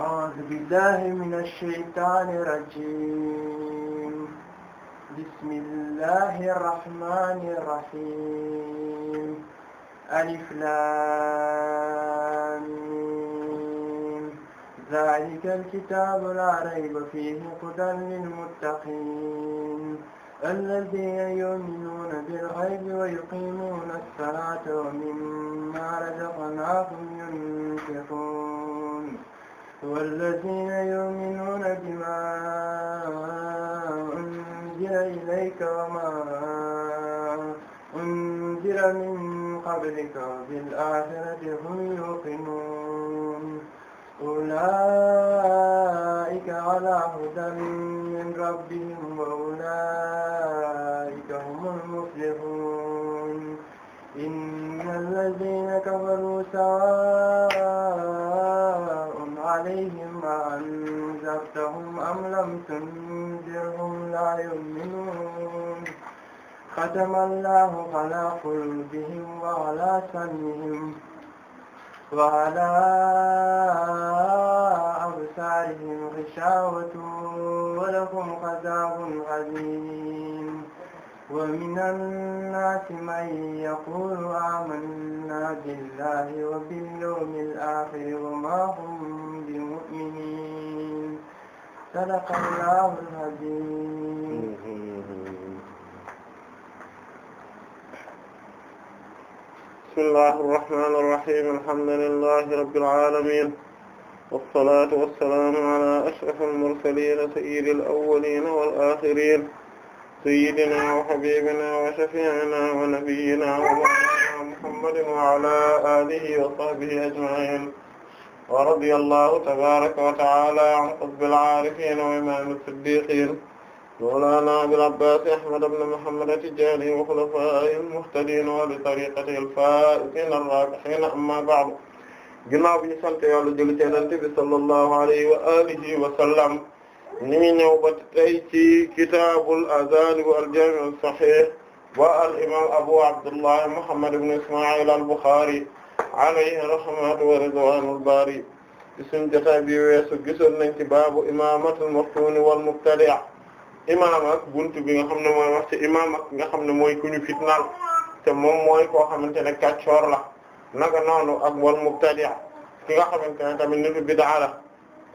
أعوذ بالله من الشيطان الرجيم بسم الله الرحمن الرحيم ألف لام ذلك الكتاب لا ريب فيه هدى للمتقين الذين يؤمنون بالغيب ويقيمون الصلاة ومما رزقناهم ينفقون والذين يؤمنون بما أنزل إليك وما أنزل من قبلك وبالآخرة هم يوقنون أولئك على هدى من ربهم وأولئك هم المفلحون إن الذين كفروا سواء أنذرتهم أم لم تنذرهم لا يؤمنون ختم الله على قلوبهم وعلى سمعهم وعلى أبصارهم غشاوة ولهم عذاب عظيم ومن الناس من يقول آمنا بالله وباليوم الآخر وما هم بمؤمنين صدق الله العظيم بسم الله الرحمن الرحيم الحمد لله رب العالمين والصلاة والسلام على أشرف المرسلين سيد الأولين والآخرين سيدنا وحبيبنا وشفيعنا ونبينا ومولانا محمد وعلى آله وصحبه أجمعين wa radiyallahu tabaraka wa ta'ala an qutbil aarifin wa imam as-siddiqin mawlana abil abbas ahmad ibn muhammad at-tijani wa khulafaa'ihi al-muhtadin wa bi tariqatihi al-faa'iziina ar-raabihiina amma ba'du ginnaaw bi ñu sant yàlla julli ci Yonent bi sallallahu alayhi wa alihi wa sallam ñu ngi ñëw ba tey ci kitaabul azaan wal jaami' as-sahih wa al imam abu abdullah muhammad ibn isma'il al-bukhari alayhi rahmatu wa ridwanul bari ci suñu jotaay bi weesu gisoon nañ ci baabu imaamatul maftuni wal mubtadi' imaam ak buntu bi nga xam ne mooy wax ci imaam ak nga xam ne mooy ku ñu fitnaal te moom mooy koo xamante ne kàccoor la naka noonu ak wal mubtadi' ki nga xamante ne tamit nitu bid'a la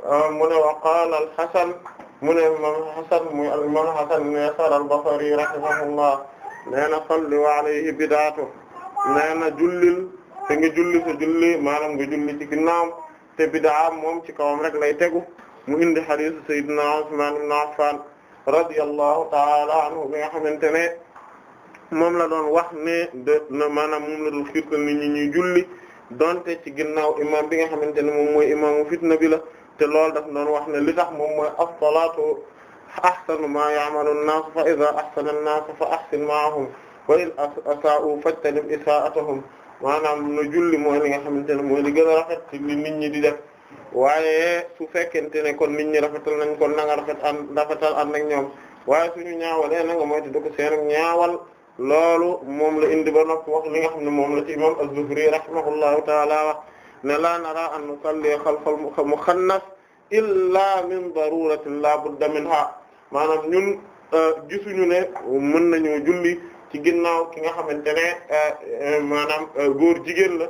ah, mu ne wa qaala al Hasan mu ne imam Hasan muy al imam Hasan ne Yasar al Basri rahimahullah nee na salli wa alayhi bid'atu nee na jullil te nga julli sa julli maanaam nga julli ci ginnaawam te bid'a moom ci kawam rek lay tegu mu indi hadith sayyidina Usman ibn Affan radiyallahu ta'ala anhu bi nga xamante ne moom la doon wax ne de na maanaam moom la doon xiirtal nit ñi ñuy julli donte ci ginnaaw imam bi nga xamante ne moom mooy imaamu fitna bi la te loolu daf doon wax ne li tax moom mooy as-salaatu ahsanu ma ya'malu an-naas fa idha ahsana an-naas fa ahsin ma'ahum wa in asaa'u fajtanib isaa'atahum maanaam lu julli mooy li nga xam ne mooy li gën a rafet ci li nit ñi di def waaye su fekkente ne kon nit ñi rafetal nañ kon na rafet an rafetal an ak ñoom waaye suñu ñaawalee na nga moytu dëkk seen ñaawal loolu moom la indi ba nopp wax li nga xam ne moom la ci imam az-Zuhri rahimahullahu taala wax ne la nara an nusalli xalfal muxannas illa min daruratin la damin minha maanaam ñun euh, gisuñu ne mën nañu julli ci ginnaaw ki nga xamante ne euh, euh, maanaam euh, góor jigéen la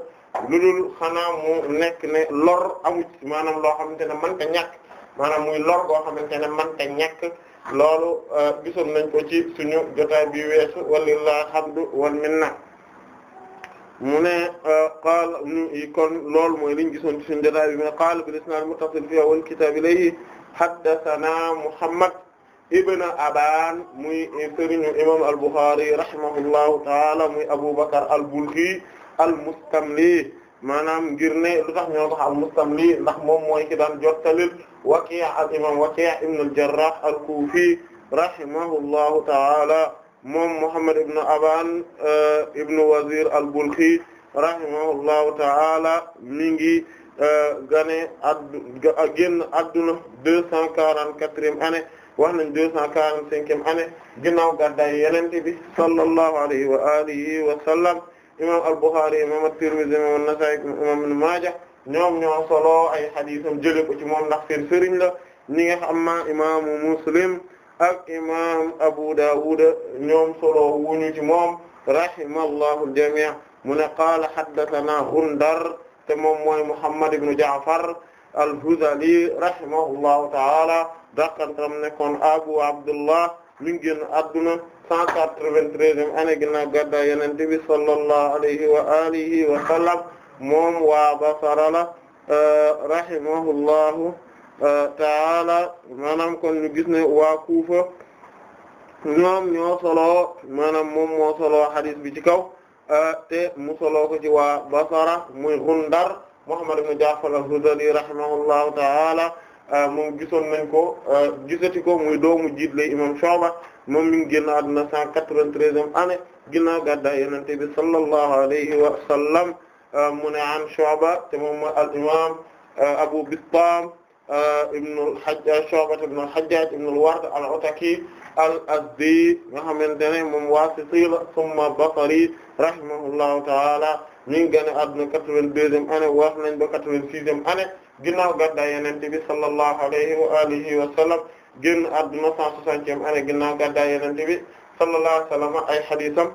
ludul xanaa mu nekk ne lor amu ci maanaam loo xamante ne man ta ñàkk maanaam muy lor goo xamante ne mën ta ñàkk loolu gisoon nañ ko ci suñu jotaay bi weesu xam hamdu wal minna mu ne qaala kon loolu mooy liñ gisoon ci suñu jotaay bi mu ne qaala bil isnaad muttasil fi awwal kitaab ilayhi haddathana Muhammad ibn Aban muy sëriñu imam al-Bukhari rahimahullahu taala muy Abubakar al-Balkhi al-Mustamli maanaam ngir ne lu tax ñoo tax ndax moom mooy ki daan jottalil Waki' al imam Waki' ibn al-Jarrah al-Kufi rahimahullahu taala moom Muhammad ibn Aban euh, ibn Wazir al-Balkhi rahimahullahu taala mi ngi euh, gane adduna deux cent quarante-quatrième année wax nañ deux cent quarante-cinquième année ginnaaw gàddaay yenente bi sallallahu alayhi wa alihi wa sallam imam al-Bukhari imam at-Tirmidhi imam an-Nasa'i imam Ibn Maaja ñoom ñoo solo ay xadiisam jële ko ci moom ndax seen sëriñ la ñi nga xam ma imaamu Muslim ak imam Abu Dawud ñoom solo wuñu ci moom rahimallahu al-jami' mu ne qaala haddathana Gundar te moom mooy Muhammad ibn Ja'far al-Hudhali rahimahullahu ta'ala daqantam nekkoon Abu Abdullah mi ngi génn adduna quatre-vingt-treizième année ginnaaw gàddaay Yonent bi sallallahu alayhi wa alihi wa waa Basra la euh, rahimahullahu euh, taala maanaam kon ñu gis waa Kuufa ñoom ñoo solo maanaam moom moo solo bi ci kaw euh, te mu solo ko waa Basra muy Gundar Muhammad ibn Ja'far al-Hudhali rahimahullahu taala Euh, moom gisoon nañ ko euh, gisati ko muy doomu jiit lay imam Shu'ba moom mi ngi génn àdduna cent quatre-vingt-treizième année ginnaaw gàddaay Yonent bi sallallahu alayhi wa sallam euh, mu ne an Shu'ba te moom al imam Abu Bistaam ibn al-Hajjaj Shu'ba ibn al-Hajjaj ibn al-Ward al-Ataki al-Azdi nga xamante ne moom Waasiti la thumma Basri rahimahullahu ta'ala mi ngi génn àdduna quatre-vingt-deuxième année wax nañ ba quatre-vingt-sixième année ginnaaw gàddaay Yonent bi sallallahu alayhi wa alihi wa sallam génn àdduna 160e année ginnaaw gàddaay Yonent bi sallallahu alayhi wa sallam ay hadiisam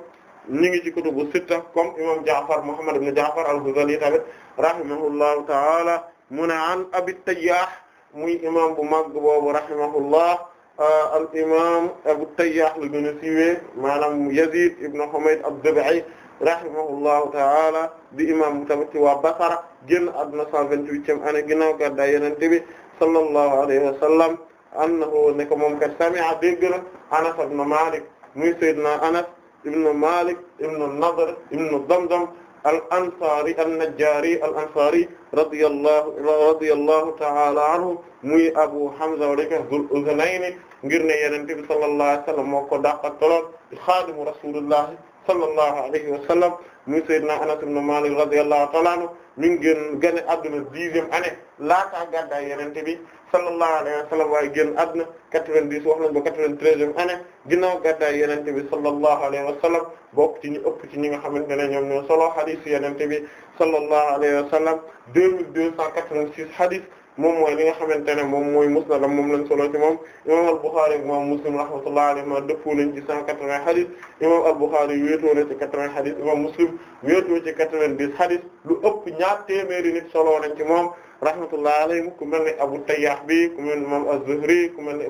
ñu ngi ci kutubu sitta comme imam Ja'far Muhammad ibn Ja'far al-Hudhali tamit rahimahullahu ta'ala mu ne an Abi Tayyah muy imam bu mag boobu rahimahullah euh, al imam Abu Tayyah la gën a siiwee maanaam Yazid ibn Humayd ad-Dubai rahimahullahu ta'ala di imam tamit ci waa Basra génn àdduna 128e année ginnaaw gàddaay Yonent bi sallallahu alayhi wa sallam annahu ne ko moom kat sami'a dégg na Anas ibn Malik muy sayyidina Anas ibn Malik ibn Nadr ibn Damdam al-Ansari an-Najjari al-Ansari radiyallahu radiyallahu ta'ala anhu muy Abu Hamza wa rek Dhul Udhnayni ngir ne Yonent bi sallallahu alayhi wa sallam moo ko dàqataloon xaadimu Rasulullah sallallahu alayhi wa sallam muy sayyidina Anas ibn Malik radiyallahu ta'ala anhu mi ngi génn génn adduna dixième année laataa gàddaay yenente bi sallallahu alayhi wa sallam waaye génn adduna quatre-vingt-dix wax nañ ba quatre-vingt-treizième année ginnaaw gàddaay yenente bi sallallahu alayhi wa sallam bokk ci ñu ëpp ci ñi nga xamante ne ñoom ñoo solo hadith yenente bi sallallahu alayhi wa sallam deux mille deux cent quatre-vingt-six hadith moom mooy li nga xamante ne moom mooy musnadam moom lañ solo ci moom imam al-Bukhari imam Muslim rahmatullahi alayhi ma dëppoo nañ ci cent quatre-vingts hadith imam na ci quatre-vingts hadith imam Muslim wéetoo ci quatre-vingt-dix hadith lu ëpp ñaar téeméeri nit solo na ci moom rahmatullahi alayhi ku mel ne Abu bi ku mel ne imam az-Zuhri ku mel ne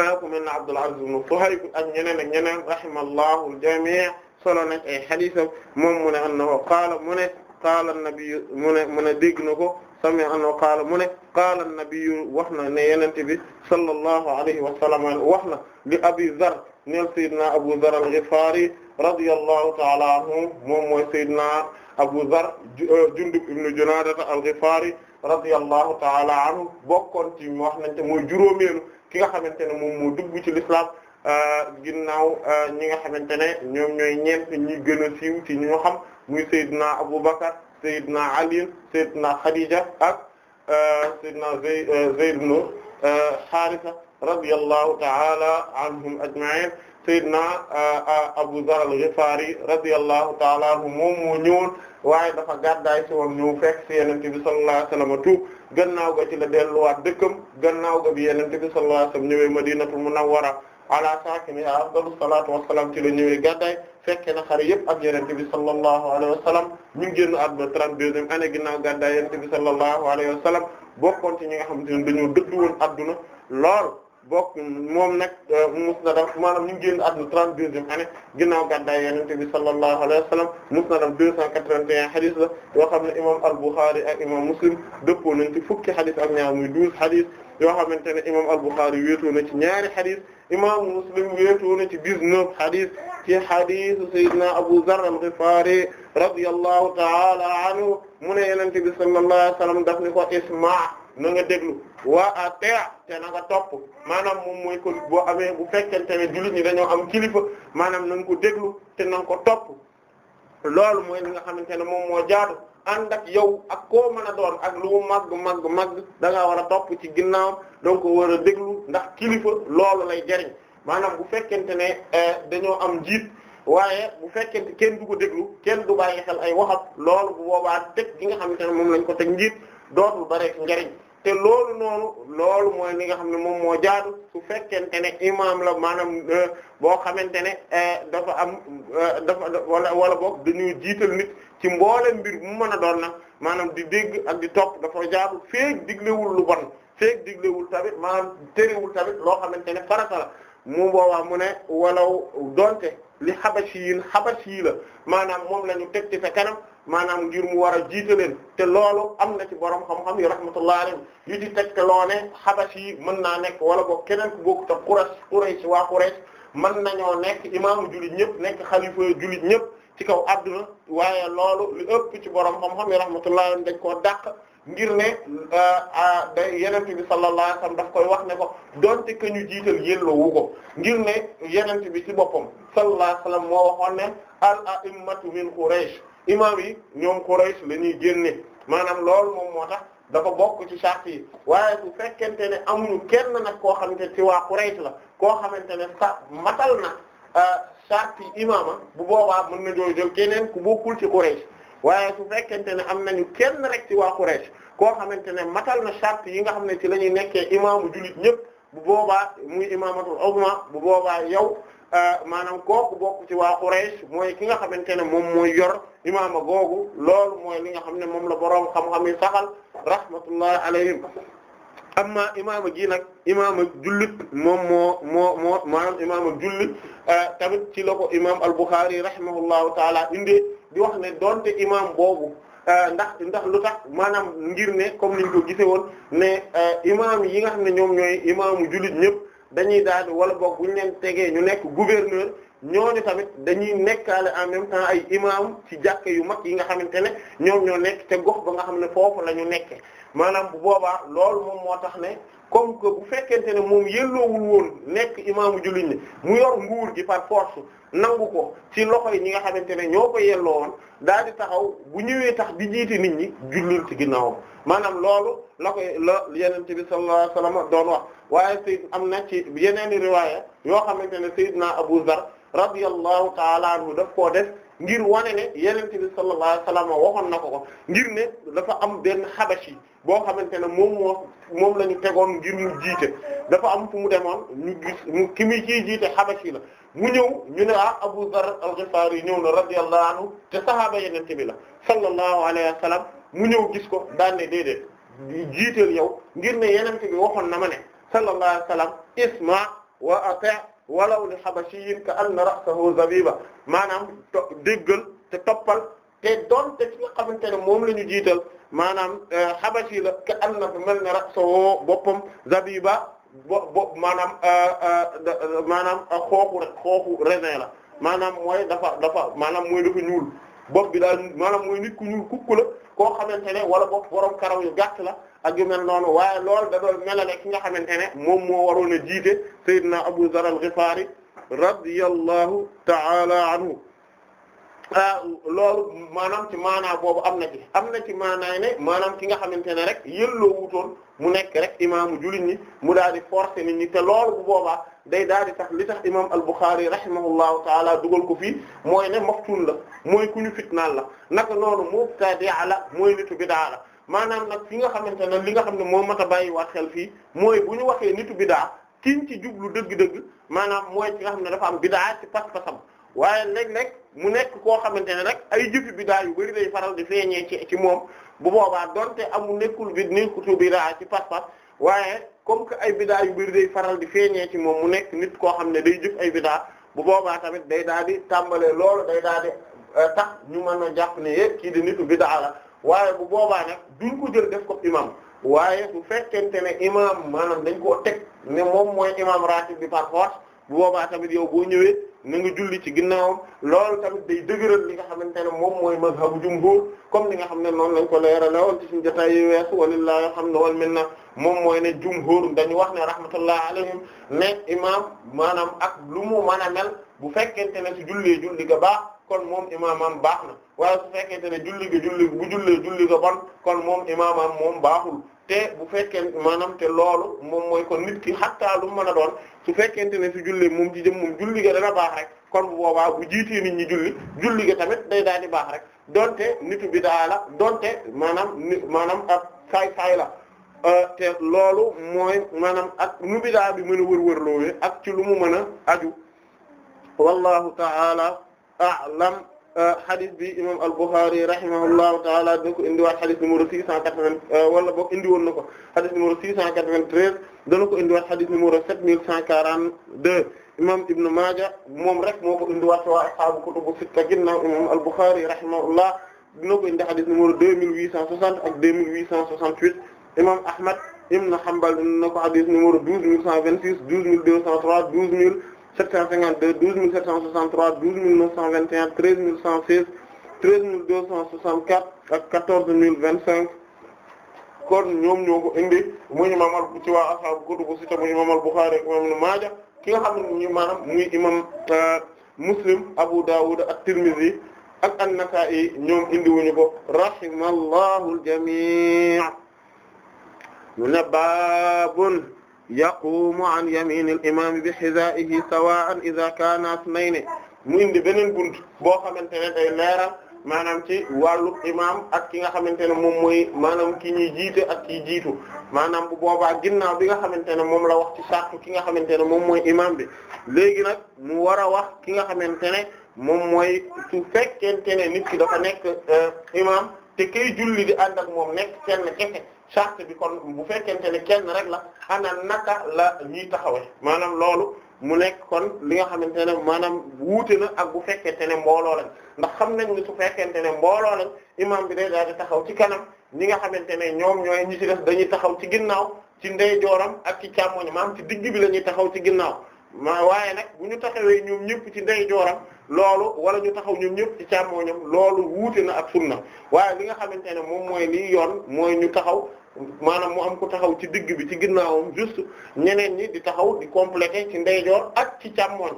ah, ku mel ne Abdul Aziz ibn Suhayb ak ñeneen ak ñeneen rahimallahu al-jami' solo nañ ay haditham moom mu ne annahu qaala mu ne qaala an-nabi mu ne mu na ko sami annahu qaala mu ne qaala an-nabiyyu wax na ne yenente bi sallallahu alayhi wa sallam wax na li abi zar neel sayyidina abu zar al-ghifari radiyallahu ta'ala anhu moom mooy sayyidina abu zar euh, jundub ibnu junaada al-ghifari radiyallahu ta'ala anhu bokkoon ci wax nañ te mooy juróomeelu ki nga xamante ne moom moo dugg ci l'islam euh, ginnaaw euh, ñi nga xamante ne ñoom ñooy ñeent ñi gën a siiw ci ñu xam muy sayyidina abu bakar Seydina Ali Seydina Khadija ak euh, Seydina Zayd euh, Zayd ibn Haarisa euh, radiyallahu ta'ala anhum ajma'in Seydina Abu Dharr al-Ghifari radiyallahu ta'ala anhu moom moo ñëwoon waaye dafa gàddaay si woon ñëw fekk si Yonent bi sallallahu alayhi wa sallam tuub gannaaw ga ci la delluwaat dëkkam gannaaw ga bi Yonent bi sallallahu alayhi wa sallam ñëwee Madinatul Munawwara ala saakinihaa afdalu salaatu wa salaam ci la ñëwee gàddaay fekke na xare yëpp ak yenente bi sallallahu alayhi wa sallam ñu génn àdduna trente-deuxième année ginnaaw gàddaay yenente bi sallallahu alayhi wa sallam bokkoon ci ñi nga xamante ne dañoo dëddu woon àdduna lool bokk moom nag euh, musnadam maanaam ñu génn àdduna trente-deuxième année ginnaaw gàddaay yenente bi sallallahu alayhi wa sallam musnadam deux cent quatre xam ne imam al-Bukhari ak imam Muslim dëppoo nañ ci fukki xadis ak ñaar muy douze xadis yoo xamante ne imam al-Bukhari wéetoo na ci ñaari xadis imaamu muslim wéetoo ci ci 19 hadith ci hadith sayyidina Abu Zarr al-Ghifari radiyallahu ta'ala anhu mu ne yonent bi sallallahu alayhi wasallam daf ni ko isma' na nga déglu waa atea te na nga topp maanaam moom mooy ko boo amee bu fekkente ne jullit ñi dañoo am kilifa maanaam na nga ko déglu ten na ko topp loolu mooy li nga xamante ne moom moo jaadu ànd ak yow ak koo a doon ak lu mag màgg mag màgg da ngaa war a topp ci ginnaawam donc war a déglu ndax kilifa loolu lay jariñ maanaam bu fekkente ne eh, dañoo am njiit waaye bu fekkente kenn du ko déglu kenn du bàyyi ay waxat loolu bu boobaa teg gi nga xamante ne moom lañ ko teg njiit dootul bare njariñ te loolu noonu loolu mooy li nga xam ne moom moo jaadu su fekkente ne imaam maanaam eh, boo xamante ne eh, dafa am dafa wala wala boog dañuy jiital nit ci mboole mbir mu mën a doon nag maanaam di dégg ak di topp dafa jaabu feek diglewul lu bon feek diglewul tamit maanaam terewul tamit loo xamante ne farata la mu boobaa mu ne walaw donte li xabashi yin xabashi yi la maanaam moom la ñu teg ci sa kanam maanaam ngir mu war a jiite leen te loolu am na ci borom xam-xam yi rahmatullahi alayhim yu ci teg te loo ne xabashi yi mën naa nekk wala boog keneen ku bokk te Quraysh Quraysh waa Quraysh mën nañoo nekk imaamu jullit ñëpp nekk xalifa jullit ñëpp ci kaw adduna waaye loolu lu ëpp ci borom xam-xam yi rahmatullahi dañ koo dàq ngir ne euh, ah, day yonent bi sallallahu alayhi wasallam daf koy wax ne ko donte que ñu jiital yelloowu ko ngir ne yonent bi ci boppam sallallahu alayhi wasallam moo waxoon ne al a'immatu min Quraysh imaam yi ñoom Quraysh la ñuy génne maanaam lool moom moo tax dafa bokk ci sart yi waaye su fekkente ne amuñu kenn nag koo xamante ci waa Quraysh la koo xamante ne sa matal na euh, sarti imaama bu boobaa mën na jël keneen ku bokkul ci Quraysh waaye su fekkente ne am nañu kenn rek ci waa Quraysh koo xamante ne matal na sart yi nga xam ne ci lañuy nekkee imaamu jullit ñëpp bu boobaa muy imaamatul uzma bu boobaa yow euh, maanaam kooku bokk ci waa Quraysh mooy ki nga xamante ne moom mooy yor imaama googu loolu mooy li nga xam ne moom la boroom xam-xam yi saxal alayhim amma imaama gi nag imaama jullit moom moo moo moo maanaam imaama jullit euh, tamit ci loko ko imaam al-Bukhari rahimahullahu taala indee di wax ne donte imaam boobu euh, ndax ndax lu tax maanaam ngir ne comme niñ ko gisee woon ne euh, imaam yi nga xam ne ñoom ñooy imaamu jullit ñëpp dañuy daal wala boog bu ñu leen tegee ñu nekk gouverneur ñooñu tamit dañuy nekkaale en même temps ay imam ci jàkk yu mag yi nga xamante ne ñoom ñoo nekk te gox ba nga xam ne foofu la ñu nekke maanaam bu boobaa loolu moom moo tax ne comme que bu fekkente ne moom yelloowul woon nekk imaamu jullit ñi mu yor nguur gi par force nangu ko ci loxo yi ñi nga xamante ne ñoo ko yelloo woon daal di taxaw bu ñëwee tax di jiite nit ñi jullil ci ginnaawam maanaam loolu la lo yeneen Yonent bi sallallahu alayhi wasallam doon wax waaye am na ci yeneen i riwaaya yoo xamante ne Seydina Abu Zar radiyallahu taala anhu daf koo def ngir wane ne yenente bi sallallahu alayhi wasallam waxoon na ko ko ngir ne dafa am benn xabashi boo xamante ne moom moo tegoon ngir mu jiite dafa am fu mu demoon ñu gis mu ki muy jiite xabashi la mu ñëw ñu ne ah Abu Dharr al-Ghifari ñëw na radiyallahu anhu te sahaaba yenente bi la sallallahu alayhi wasallam mu ñëw gis ko daan ne déedéet jiiteel yow ngir ne yenente bi waxoon na ma ne sallallahu alayhi wasallam isma wa ati walaw li habashiyin ka anna ra'sahu zabiba maanaam to déggal te toppal te donte ci nga xamante ne moom la ñu jiital maanaam euh, habashi la ka anna mel ne ra'sahu boppam zabiba bo bo maanaam euh, euh, maanaam xooxu rek xooxu raisin la maanaam mooy dafa dafa maanaam mooy dafa ñuul bopp bi daal maanaam mooy nit ku ñuul kukku la koo xamante ne wala bopp borom karaw yu gàtt la ak yu mel noonu waaye loolu da doon melale ki nga xamante ne moom moo waroon a jiite Seydina Abu Zar al-Ghifari radiyallahu ta'ala anhu ah, loolu maanaam ci maanaa boobu am na ci am na ci maanaay ne maanaam ki nga xamante ne rek yëlloo mu nekk rek imaamu jullit ñi mu daal di forcer nit ñi te loolu bu boobaa day daal di tax li tax imaam al-Bukhari rahimahullahu taala dugal ko fii mooy ne maftun la mooy ku ñu fitnaal la naka noonu mubtadi'a la mooy nitu bid'a la maanaam nag fi nga xamante ne li nga xam ne moo mat a bàyyi bàyyiwaat xel fii mooy bu ñu waxee nitu bidaa kiñ ci jublu dëgg-dëgg maanaam mooy ci nga xam ne dafa am bidaa ci pas-pasam waaye léeg-léeg mu nekk koo xamante ne rek ay jëfi bidaa yu bari day faral di feeñee ci ci moom bu boobaa donte amul nekkul bi nekkutu bidaa ci pas-pas waaye comme que ay bidaa yu bari day faral di feeñee ci moom mu nekk nit koo xam ne day jëf ay bidaa bu boobaa tamit day daal di tàmbalee loolu day daal eh, tax ñu mën a jàpp ne kii di nitu bidaa la waaye bu boobaa nag duñ ko jël def ko imam waaye su fekkente ne imam maanaam dañ koo teg ne moom mooy imam ratib bi par force bu boobaa tamit yow boo ñëwee na nga julli ci ginnaawam loolu tamit day dëgëral li nga xamante ne moom mooy mazhabu jumhur comme li nga xam ne noonu nañ ko leerale woon ci suñu jotaay yi weesu walillahi alhamdu wal minna moom mooy ne jumhur dañu wax ne rahmatullah alayhim ne imam maanaam ak lu mu mën a mel bu fekkente ne su jullee julli ga baax kon moom imamam baax na waaye su fekkente ne julli ga julli bu jullee julli ga bon kon moom imaamam moom baaxul te bu fekkee maanaam te loolu moom mooy kon nit ki xattaa lu mën a doon su fekkente ne su julli moom ji jëm moom julli ga dana baax rek kon bu boobaa bu jiitee nit ñi julli julli ga tamit day daal di baax rek donte nitu bi daa la donte maanaam maanaam ab saay-saay la euh, te loolu mooy maanaam ak nu bi daa bi mën a ak ci lu mu mën a aju wallahu ta'ala a'lam xadis euh, bi imam al-Bukhari rahimahullahu taala dina ko indiwaat xadis numéro 680 euh, wala boog indi woon na ko xadis numéro 693 dana ko indiwaat xadis numéro 7142 imam Ibn Maaja moom rek moo ko indiwaat waa ashaabu kutubu sitta ginnaaw imam al-Bukhari rahimahullah dina ko indi xadis numéro 2860 ak 2868 imam Ahmad ibn Hanbal dina ko xadis numéro 12126 12203 12000 752 12763 12921 13106 13264 ak 14025 kon ñoom ñoo ko indi mu imam al ci waa ashaabu kutubu sitta mu imam al Bukhari ak imam Maaja ki nga xam ne ñu maanaam muy imam euh, Muslim Abu Dawud ak Tirmidhi ak an-Nasa'i ñoom indi wuñu ko rahimallahu al-jami' mu baabun yaqumu an yamini al imam bi hizaihi sawa'an idha kana ithnayni mu indi beneen bunt boo xamante ne day leeral maanaam ci wàllu imam ak ki nga xamante ne moom mooy maanaam ki ñuy jiite ak ki jiitu maanaam bu boobaa ginnaaw bi nga xamante ne moom la wax ci sartu ki nga xamante ne moom mooy imam bi léegi nag mu war a wax ki nga xamante ne moom mooy su fekkente ne nit ki dafa nekk euh, imam te kay julli di ànd ak moom nekk kenn kese charte bi kon bu fekkente ne kenn rek la ana naka la ñuy taxawee maanaam loolu mu nekk kon li nga xamante ne maanaam wuute na ak bu fekkente ne mbooloo lañ ndax xam nañ ne su fekkente ne mbooloo lañ imaam bi day daal di taxaw ci kanam ñi nga xamante ne ñoom ñooy ñi ci def dañuy taxaw ci ginnaaw ci ndeyjooram ak ci càmmoñ maanaam ci digg bi la ñuy taxaw ci ginnaaw ma waaye nag bu ñu taxawee ñoom ñëpp ci ndeyjooram loolu wala ñu taxaw ñoom ñëpp ci càmmoñam loolu wuute na ak sunna waaye li nga xamante ne moom mooy liy yoon mooy ñu taxaw maanaam mu am ku taxaw ci digg bi ci ginnaawam juste ñeneen ñi di taxaw di compléter ci ndeyjoor ak ci càmmooñ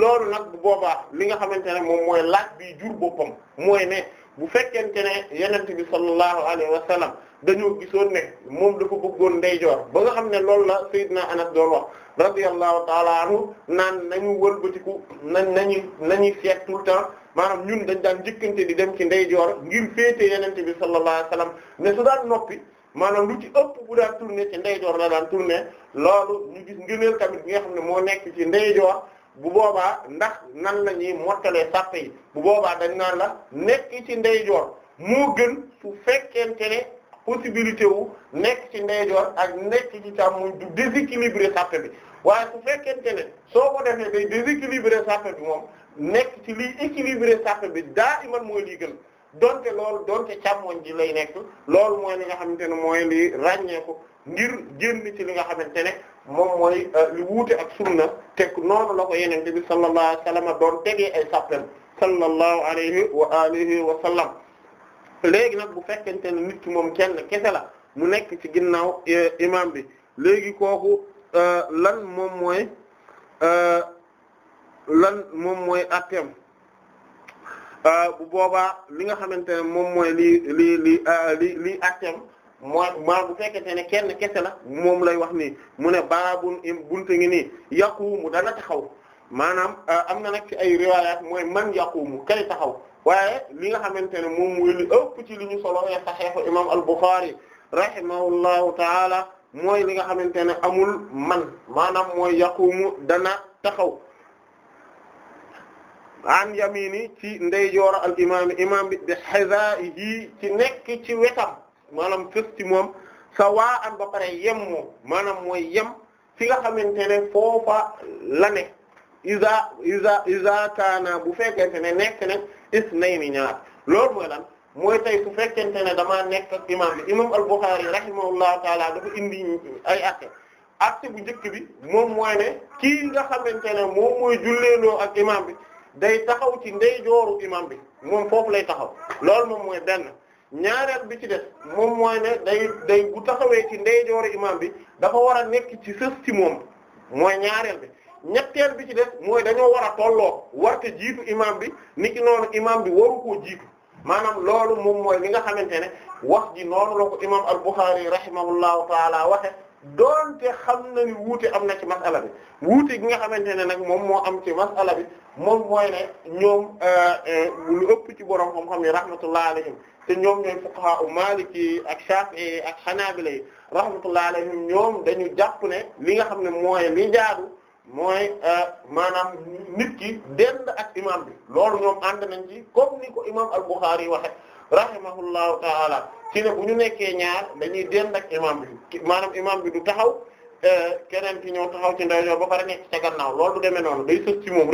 loolu nag bu boobaa li nga xamante ne moom mooy laaj bii jur boppam mooy ne bu fekkente ne yenent bi sallallahu alayhi wa sallam dañoo gisoon ne moom dafa bëggoon ndeyjoor ba nga xam ne loolu la Seydina Anas doon wax radiyallahu ta'ala anhu naan nañu wëlbatiku nañ nañu nañuy seet tout le temps maanaam ñun dañ daan njëkkante di dem ci ndeyjoor ngir féete yenent bi sallallahu alayhi wa sallam ne noppi maanaam lu ci ëpp bu daan tourner ci ndeyjoor la daan tourner loolu ñu gis ngëneel tamit bi nga xam ne moo nekk ci ndeyjoor bu boobaa ndax nan la ñuy mottalee sàppe yi bu boobaa dañ naan la nekk ci ndeyjoor moo gën su fekkente ne possibilité wu nekk ci ndeyjoor ak nekk ci muy du déséquilibré sàppe bi waaye su fekkente ne soo ko defee day déséquilibré sàppe bi moom nekk ci liy équilibré sàppe bi daa man moo lii gën donte lool donte càmmoñ ji lay nekk lool mooy li nga xamante ne mooy li ràññeeku ngir génn ci li nga xamante ne moom mooy euh, li wuute ak sunna te noonu la ko yenente bi sallallahu alayhi wa sallam doon tegee ay sàppem sallallahu alayhi wa alihi wa sallam léegi nag bu fekkente ne nit ki moom kenn kese la mu nekk ci ginnaaw euh, imam bi léegi kooku euh, lan moom mooy lan moom mooy atteem Euh, bu boobaa li nga xamante ne moom mooy lii lii euh, lii lii lii atteem mooy maa bu fekkente ne kenn kese la moom lay wax nii mu ne baabun bunte ngi nii yaquumu dana taxaw maanaam euh, am na nag ci ay riwaayaat mooy man yaquumu kay taxaw waaye li nga xamante ne moom mooy li ëpp ci li ñu solo ya saxiixu imaam al-Bukhari rahimahullahu taala mooy li nga xamante ne amul man maanaam mooy yaquumu dana taxaw. an yamini ci ndeyjoor al imaam imaam bi bi hizaahi ci nekk ci wetam maanaam fës ci moom sawaa an ba pare yem moom maanaam mooy yem fi nga xamante ne foofa la ne iza iza iza kaana bu fekkente ne nekk ne isnayni ñaar loolu mooy lan mooy tey su fekkente ne damaa nekk ak imaam bi imaam al-Bukhari rahimahullahu taala dafa indi ay acte acte bu njëkk bi moom mooy ne kii nga xamante ne moom mooy julleendoo ak imaam bi day taxaw ci ndeyjooru imam bi moom foofu lay taxaw loolu moom mooy benn ñaareel bi ci def moom mooy ne day day bu taxawee ci ndeyjooru imam bi dafa war a nekk ci sës ci moom mooy ñaareel bi ñetteel bi ci def mooy dañoo war a war warte jiitu imam bi niki noonu imam bi waru koo jiitu maanaam loolu moom mooy li nga xamante ne wax ji noonu la ko imam al-Bukhari rahimahullahu taala waxe doonte xam na ni wuute am na ci masala bi wuute gi nga xamante ne nag moom moo am ci masala bi moom mooy ne ñoom euh, euh, lu ëpp ci borom xam-xam yi rahmatullah alayhim te ñoom ñooy fuqaha u maliki ak shafi'i ak hanabila yi rahmatullah alayhim ñoom dañu jàpp ne li nga xam ne mooy li jaadu mooy euh, maanaam nit ki dend ak imam bi loolu ñoom ànd nañ ci comme ni ko imam al-Bukhari yi waxe rahimahullahu ta'ala ci ne bu ñu nekkee ñaar dañuy dend ak imam bi maanaam imam bi du taxaw keneen ki ñëw taxaw ci ndaw ñoo ba pare nekk ca gannaaw loolu du demee noonu day sës ci moom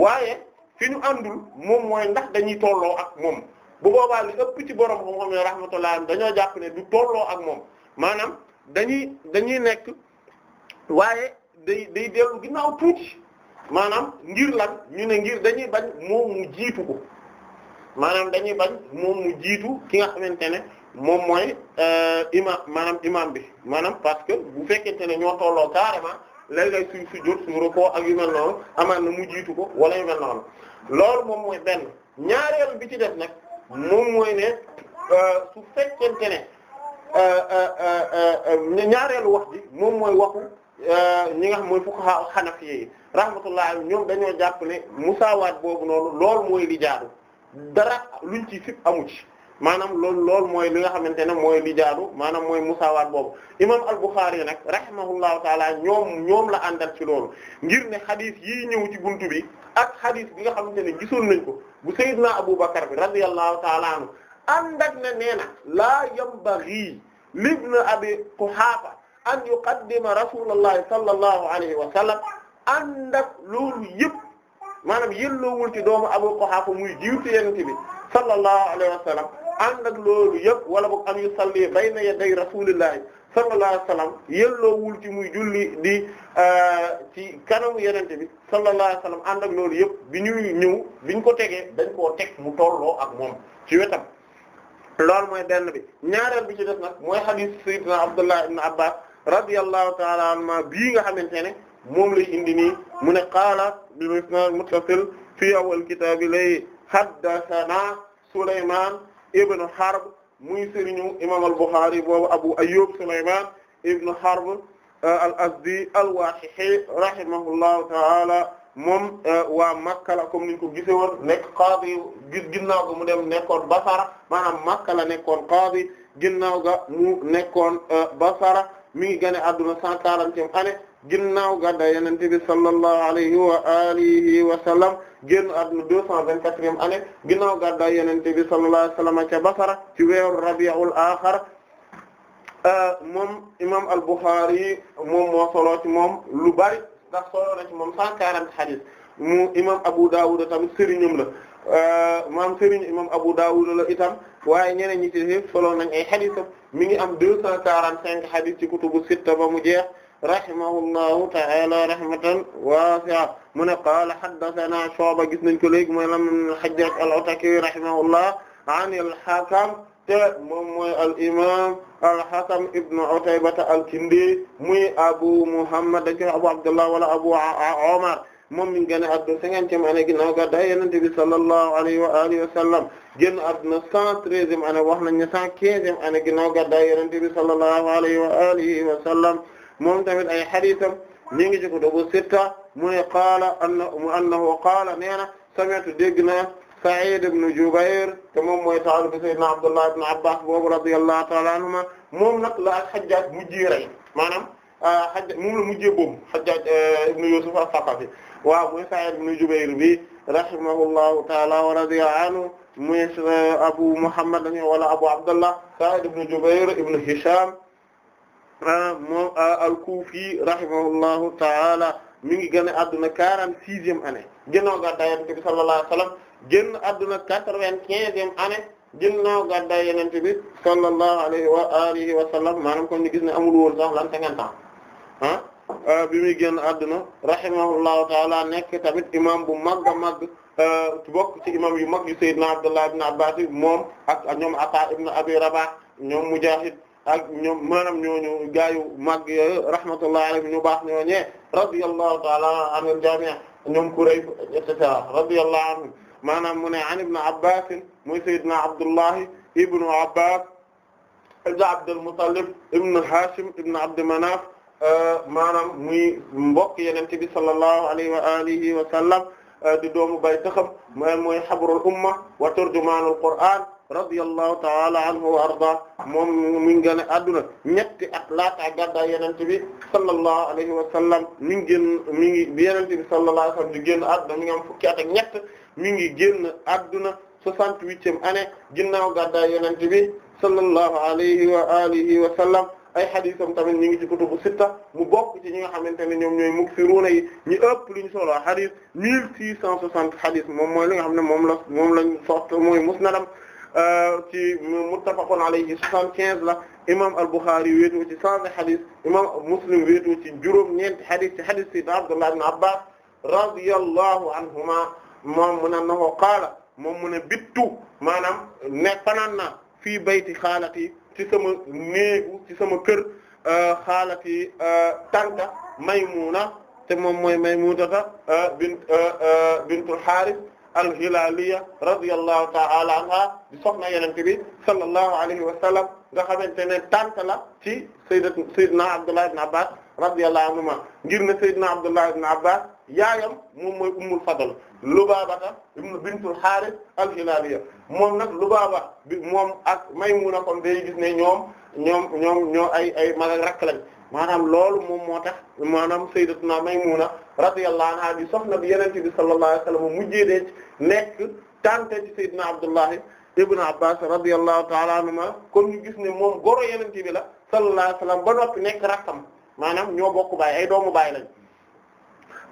waaye fi ñu àndul moom mooy ndax dañuy tolloo ak moom bu boobaa li ëpp ci borom xam-xam yi rahmatullah dañoo jàpp ne du tolloo ak moom maanaam dañuy dañuy nekk waaye day day dellu ginnaaw tuuti maanaam ngir lan ngir dañuy bañ moom mu jiitu ko maanaam dañuy bañ moom mu jiitu ki nga xamante ne moom mooy euh, imam maanaam imam bi maanaam parce que bu fekkente ne ñoo tolloo carrément léeg-léeg suñ sujjóot suñu rukoo ak yu mel noonu amaan na mu jiitu ko wala yu mel noonu loolu moom mooy benn ñaareel bi ci def nag moom mooy ne euh, su fekkente ne euh, euh, ñaareelu wax bi moom mooy waxu ñi nga xam mooy fuqaha xanafi yi rahmatullah ñoom dañoo jàpp ne musaawaat boobu noonu loolu mooy li jaadu dara luñ ci sip amu ci maanaam lool loolu mooy li nga xamante ne mooy li jaadu maanaam mooy musaawaat boobu imam al-Bukhari nag rahimahullahu taala ñoom ñoom la àndal ci loolu ngir ne xadis yi ñëw ci buntu bi ak xadis bi nga xamante ne gisoon nañ ko bu Seydina Abu Bakar bi radiyallahu taala anhu ànd ak ne nee na laa yambaghi libn abi Quhaafa an yuqaddima rasulullahi sallallahu alayhi wa sallam ànd ak loolu yëpp maanaam yelloowul ci doomu Abu Quhaafa muy jiwti yente bi sallallahu alayhi wa ànd ak loolu yëpp wala boog am yu salli bayna yaday rasulillahi sallallahu alayhi wa sallam yelloowul ci muy julli di euh, ci kanamu yenente bi sallallahu alayhi wa sallam ak loolu yëpp bi ñuy ñëw biñ ko tegee dañ koo teg mu tolloo ak moom ci wetam loolu mooy benn bi ñaareel bi ci def nag mooy hadith sayyidina Abdullah ibn Abbas radiyallahu ta'ala anhuma bii nga xamante ne moom lay indi nii mu ne qaala bil isnad muttasil fi awwal kitaab lay haddathana Sulaymaan ibn Harb muy sëriñu imam al-Bukhari boobu Abu Ayyub Sulayman ibn Harb euh, al-Azdi al-Wahihi rahimahullahu ta'ala moom euh, waa Makka la comme niñ ko gisee woon nekk qaadi gis ginnaaw ga mu dem nekkoon Basara maanaam Makka la nekkoon qaadi ginnaaw ga mu nekkoon euh, Basara mi ngi gane adduna cent quarantième année ginnaaw gàddaay Yonent bi sallallahu alayhi wa alihi wa sallam génn àdduna deux cent vingt-quatrième année ginnaaw gàddaay Yonent bi sallallahu alayhi wa sallam ca Basra ci weeru Rabiul Axir euh, moom imam al-Bukhari moom moo solo moom lu bari ndax solo ci moom cent quarante hadith mu imam Abu Dawud tamit sëriñam la euh, maam sëriñ imam Abu Dawud la itam waaye ñeneen ñi ci def solo nañ ay hadith mi ngi am deux cent quarante-cinq hadith ci kutubu sit ba mu jeex rahimahullahu ta'ala rahmatan wasi'a mu ne qaala haddathana Shu'ba gis nañ ko léegi mooy Lamr ibn al-Hajjaj al-Ataki rahimahullah an al-Hakam te moom mooy al-imam al-Hakam ibn Utaybata al-Kindi muy Abu Muhammad dañ koy Abu Abdullah wala Abu Umar moom mi ngi génn àdduna cinquantième année ginnaaw gàddaay Yonent bi sallallahu alayhi wa alihi wa sallam génn àdduna cent treizième année wax nañ ne cent quinzième année ginnaaw gàddaay Yonent bi sallallahu alayhi wa alihi wa sallam moom tamit ay xadiisam ñu ngi ci kutubu sitta mu ne qaala annahu annahu qaala nee na sami'tu dégg naa Sa'id ibn Jubayr te moom mooy taalibu Sayyidina Abdullah ibn Abbas boobu radiyallahu ta'ala anhuma moom nag la ak Hajjaj mujjee rey maanaam ah, Hajjaj moom la mujjee boobu Hajjaj eh, ibn Yusuf as-Saqafi waaw mooy Sa'id ibn Jubayr bi rahimahullahu ta'ala wa radiya anhu muy eh, Abu Muhammad wala Abu Abdullah Sa'id ibn Jubayr ibn Hisham moom al-Kufi rahimahullahu ta'ala mi ngi gën a adduna quarante-sixième année ginnaaw gàddaay Yonent bi sallallahu alayhi wa sallam génn adduna quatre-vingt-quinzième année gën gàddaay Yonent bi sallallahu alayhi wa alihi wa sallam maanaam comme ni ah, génn adduna rahimahullahu ta'ala nekk tamit imam bu mag a mag bokk ci imam yu mag yu Sayyidina Abdullah ibn Abbas moom ak ñoom Ata ibn Abi Rabah ñoom Mujahid ak ñoom maanaam ñooñu gaayu mag yooyu rahmatullahi alayhim ñu baax ñooñee radiyallahu ta'ala anil jami' ñoom Kurayb et cetera radiyallahu anhum maanaam mu ne an ibn Abbas muy sayyidina Abdullahi ibnu Abbas ibn Abdul Muttalib ibn Hashim ibn Abd Manaf euh, maanaam muy mbokk Yonent bi sallallahu alayhi wa alihi wa sallam euh, di doomu bay taxam mooy mooy habrul umma wa turjumanul Qur'an radiyallahu ta'ala anhu wa arda moom mi ngi génn adduna ñetti at laata gàddaay yonent bi sallallahu alayhi wa sallam mi ngi génn mi ngi yonent bi sallallahu alayhi wa sallam di génn adduna mi ngi am fukki at ak ñett mi ngi génn soixante-huitième année ginnaaw gàddaay yonent bi sallallahu alayhi wa alihi wa sallam ay xadisam tamit ñi ngi ci kutubu sitta mu bokk ci ñi nga xamante ne ñoom ñooy muksiruuna yi ñu ëpp li ñu solo xadis moom mooy li nga xam ne moom la moom la lañ soxla mooy musnadam Euh, ci muttafaqun alayhi soixante-quinze la imam al-Bukhari wéetoo ci cent hadith imam Muslim wéetoo ci juróom ñeenti hadith ci hadith sayyidina Abdullah ibn Abbas radiyallahu anhuma moom mu ne nahoo qaala moom mu ne bittu maanaam ne fanaan na fii bayti xaalati ci sama néegu ci sama kër euh, xaalati euh, tànta Maymuna te moom mooy Maymunata bint bintul Harith al-Hilaliya radiyallahu ta'ala anha di soxna Yonent bi sallallahu alayhi wa sallam nga xamante ne tante la ci sayyidatu sayyidina Abdullah ibn Abbas radiyallahu anhuma ngir ne sayyidina Abdullah ibn Abbas yaayam moom mooy Ummul Fadl Lubaabata bintul Haaris al-Hilaliya moom nag Lubaaba bi moom ak Maymuna kon day gis ne ñoom ñoom ñoom ñoo ay ay mag ak rakk lañ maanaam loolu moom moo tax maanaam sayyidatuna Maymuna radiyallahu anha di soxna bi yonent bi sallallahu alayhi wasallam mujjee denc nekk tante ci Abdullahi ibn Abbas radiyallahu ta'ala anhuma kon ñu gis ne moom goro yonent bi la sallallahu alayhi wasallam ba noppi nekk rakkam maanaam ñoo bokk baay ay doomu baay lañ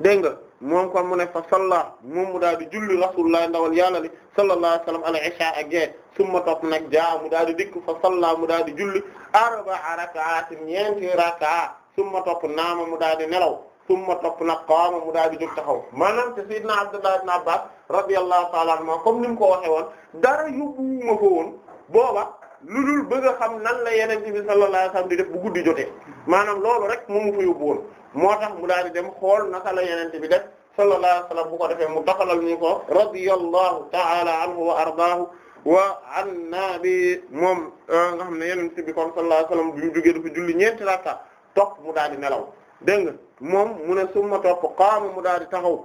dégg moom kon mu ne fa salla moom mu daal di julli rasulullah ndawal yàlla li sallallahu alayhi wasallam al isha ak summa topp nag jaa mu daal di dikk fa salla mu daal di julli arba'a rak'atin ñeenti rak'a summa topp naama mu daal di nelaw summa topp nag qaama mu daal di jóg taxaw maanaam te sayyidna Abdullah ibn Abbas radiyallahu ta'ala anhuma comme ni mu ko waxee woon dara yóbbuwuma ko woon booba lu dul bëgg a xam nan la Yonent bi sallallahu alayhi wasallam di def bu guddi jotee maanaam loolu rek moom mu fa yóbbu woon moo tax mu daal di dem xool naka la Yonent bi def sallallahu alayhi wasallam bu ko defee mu taxalal ñu ko radiyallahu ta'ala anhu wa ardaahu wa annabi moom euh, nga xam ne yonent bi kon sallallahu alayhi wasallam bi mu jógee dafa julli ñeenti rakka topp mu daal di nelaw dégg nga moom mu ne summa topp qaama mu daal di taxaw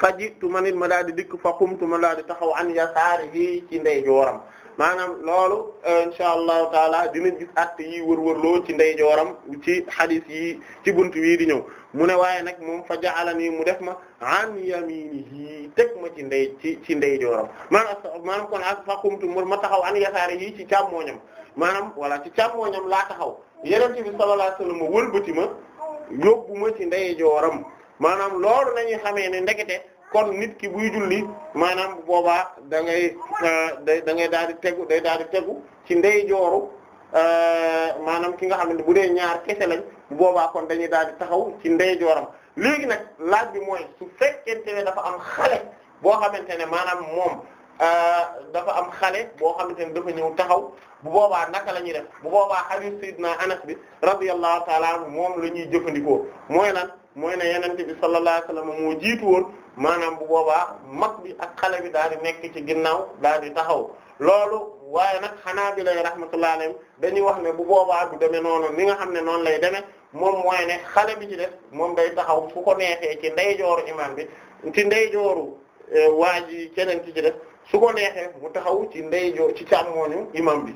fajitu manit ma daal di dikk fa qumtu ma daal di taxaw an yasaarihi ci ndey ndeyjooram maanaam loolu euh, insha allahu taala dina gis att yi wërwërloo ci ndeyjooram ci xadis yi ci bunt wii di ñëw mu ne waaye nag moom fa ja'alani mu def ma an yaminihi teg ma ci ndey ci ci ndeyjooram maanaam maanaam kon ak fa qumtu mu taxaw an yasaari yi ci càmmooñam maanaam voilà ci càmmooñam laa taxaw yeneen bi sallallahu alayhi wasallam wëlbati ma yóbbu ma ci ndeyjooram maanaam loolu nañuy xamee ne ndekete kon nit ki buy julli maanaam bu boobaa da ngay euh, da ngay daal di tegu day daal di tegu ci ndeyjooru euh, maanaam ki nga xam ne bu dee ñaar kese lañ bu boobaa kon dañuy daal di taxaw ci ndeyjooram léegi nag laaj bi mooy su fekkente ne dafa am xale boo xamante ne maanaam moom euh, dafa am xale boo xamante ne dafa ñëw taxaw bu boobaa naka la ñuy def bu boobaa hadith sayyidina Anas bi radiyallahu ta'ala anhu moom la ñuy jëfandikoo mooy lan mooy ne yenente bi sallallahu alayhi wasallam moo jiitu woon maanaam bu boobaa mag bi ak xale bi daal di nekk ci ginnaaw daal di taxaw loolu waaye nag xanaa bi lay rahmatullahi alayhi dañuy wax ne bu boobaa du demee noonu ni nga xam ne noonu lay demee moom mooy ne xale bi ci def moom day taxaw fu ko neexee ci ndeyjooru imaam bi ci ndeyjooru eh, waa ji keneen ci ci def su ko neexee mu taxaw ci ndeyjoor ci càmmoñu imaam bi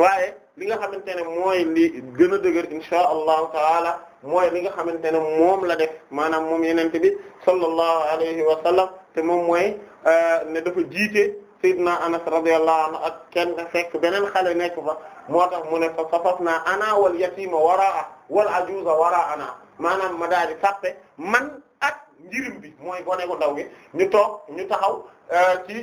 waaye li nga xamante ne mooy li gën a dëgër insha allahu taala mooy li nga xamante ne moom la def maanaam moom yenente bi sallallahu alayhi wa sallam te moom mooy euh, ne dafa jiite sayyidina anas radiyallahu anhu ak kenn fekk beneen xale nekk fa moo tax mu ne fa safafna ana wal yatima waraa wal ajuza waraa ana maanaam ma daal di sàppe man ak njirim bi mooy gone gu ndaw gi ñu toog ñu taxaw euh, ci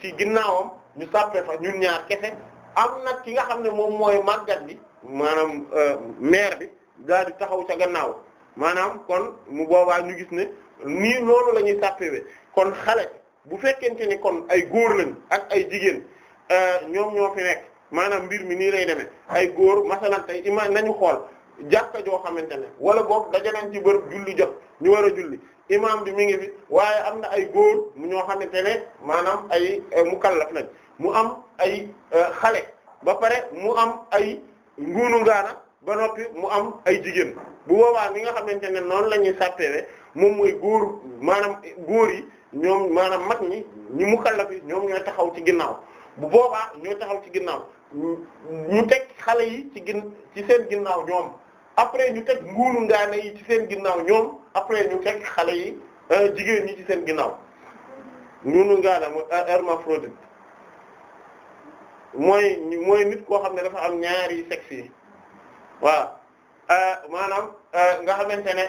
ci ginnaawam ñu sàppe fa ñun ñaar kese am nag ki nga xam ne moom mooy màggat bi maanaam euh, maire bi daal di taxaw ca gannaaw maanaam kon mu boobaa ñu gis ne nii loolu lañuy ñuy sàppewe kon xale bu fekkente ni kon ay góor lañ ak ay jigéen euh, ñoom ñoo fi nekk maanaam mbir mi nii lay demee ay góor masalan tey ima nañu xool jàkka joo xamante ne wala boog dajanañ ci bërëb julli jot ñu war a julli imam bi mi ngi fi waaye am na ay góor ñoo xamante ne maanaam ay euh, mukallaf lañ mu am ay euh, xale ba pare mu am ay nguunu ngaana ba noppi mu am ay jigéen bu boobaa ni nga xamante ne noonu lañuy ñuy sàppewe moom mooy góor maanaam góor yi ñoom maanaam mag ñi ñi mu xallaf ñoom ñooy taxaw ci ginnaaw bu boobaa ñooy taxaw ci ginnaaw ñu teg xale yi ci gin ci seen ginnaaw ñoom après ñu teg nguunu ngaana yi ci seen ginnaaw ñoom après ñu teg xale yi euh, jigéen ñi ci seen ginnaaw nguunu ngaana mooy euh, hermaphrodite mooy mooy nit koo xam ne dafa am ñaari sexe yi waaw euh, maanaam euh, nga xamante ne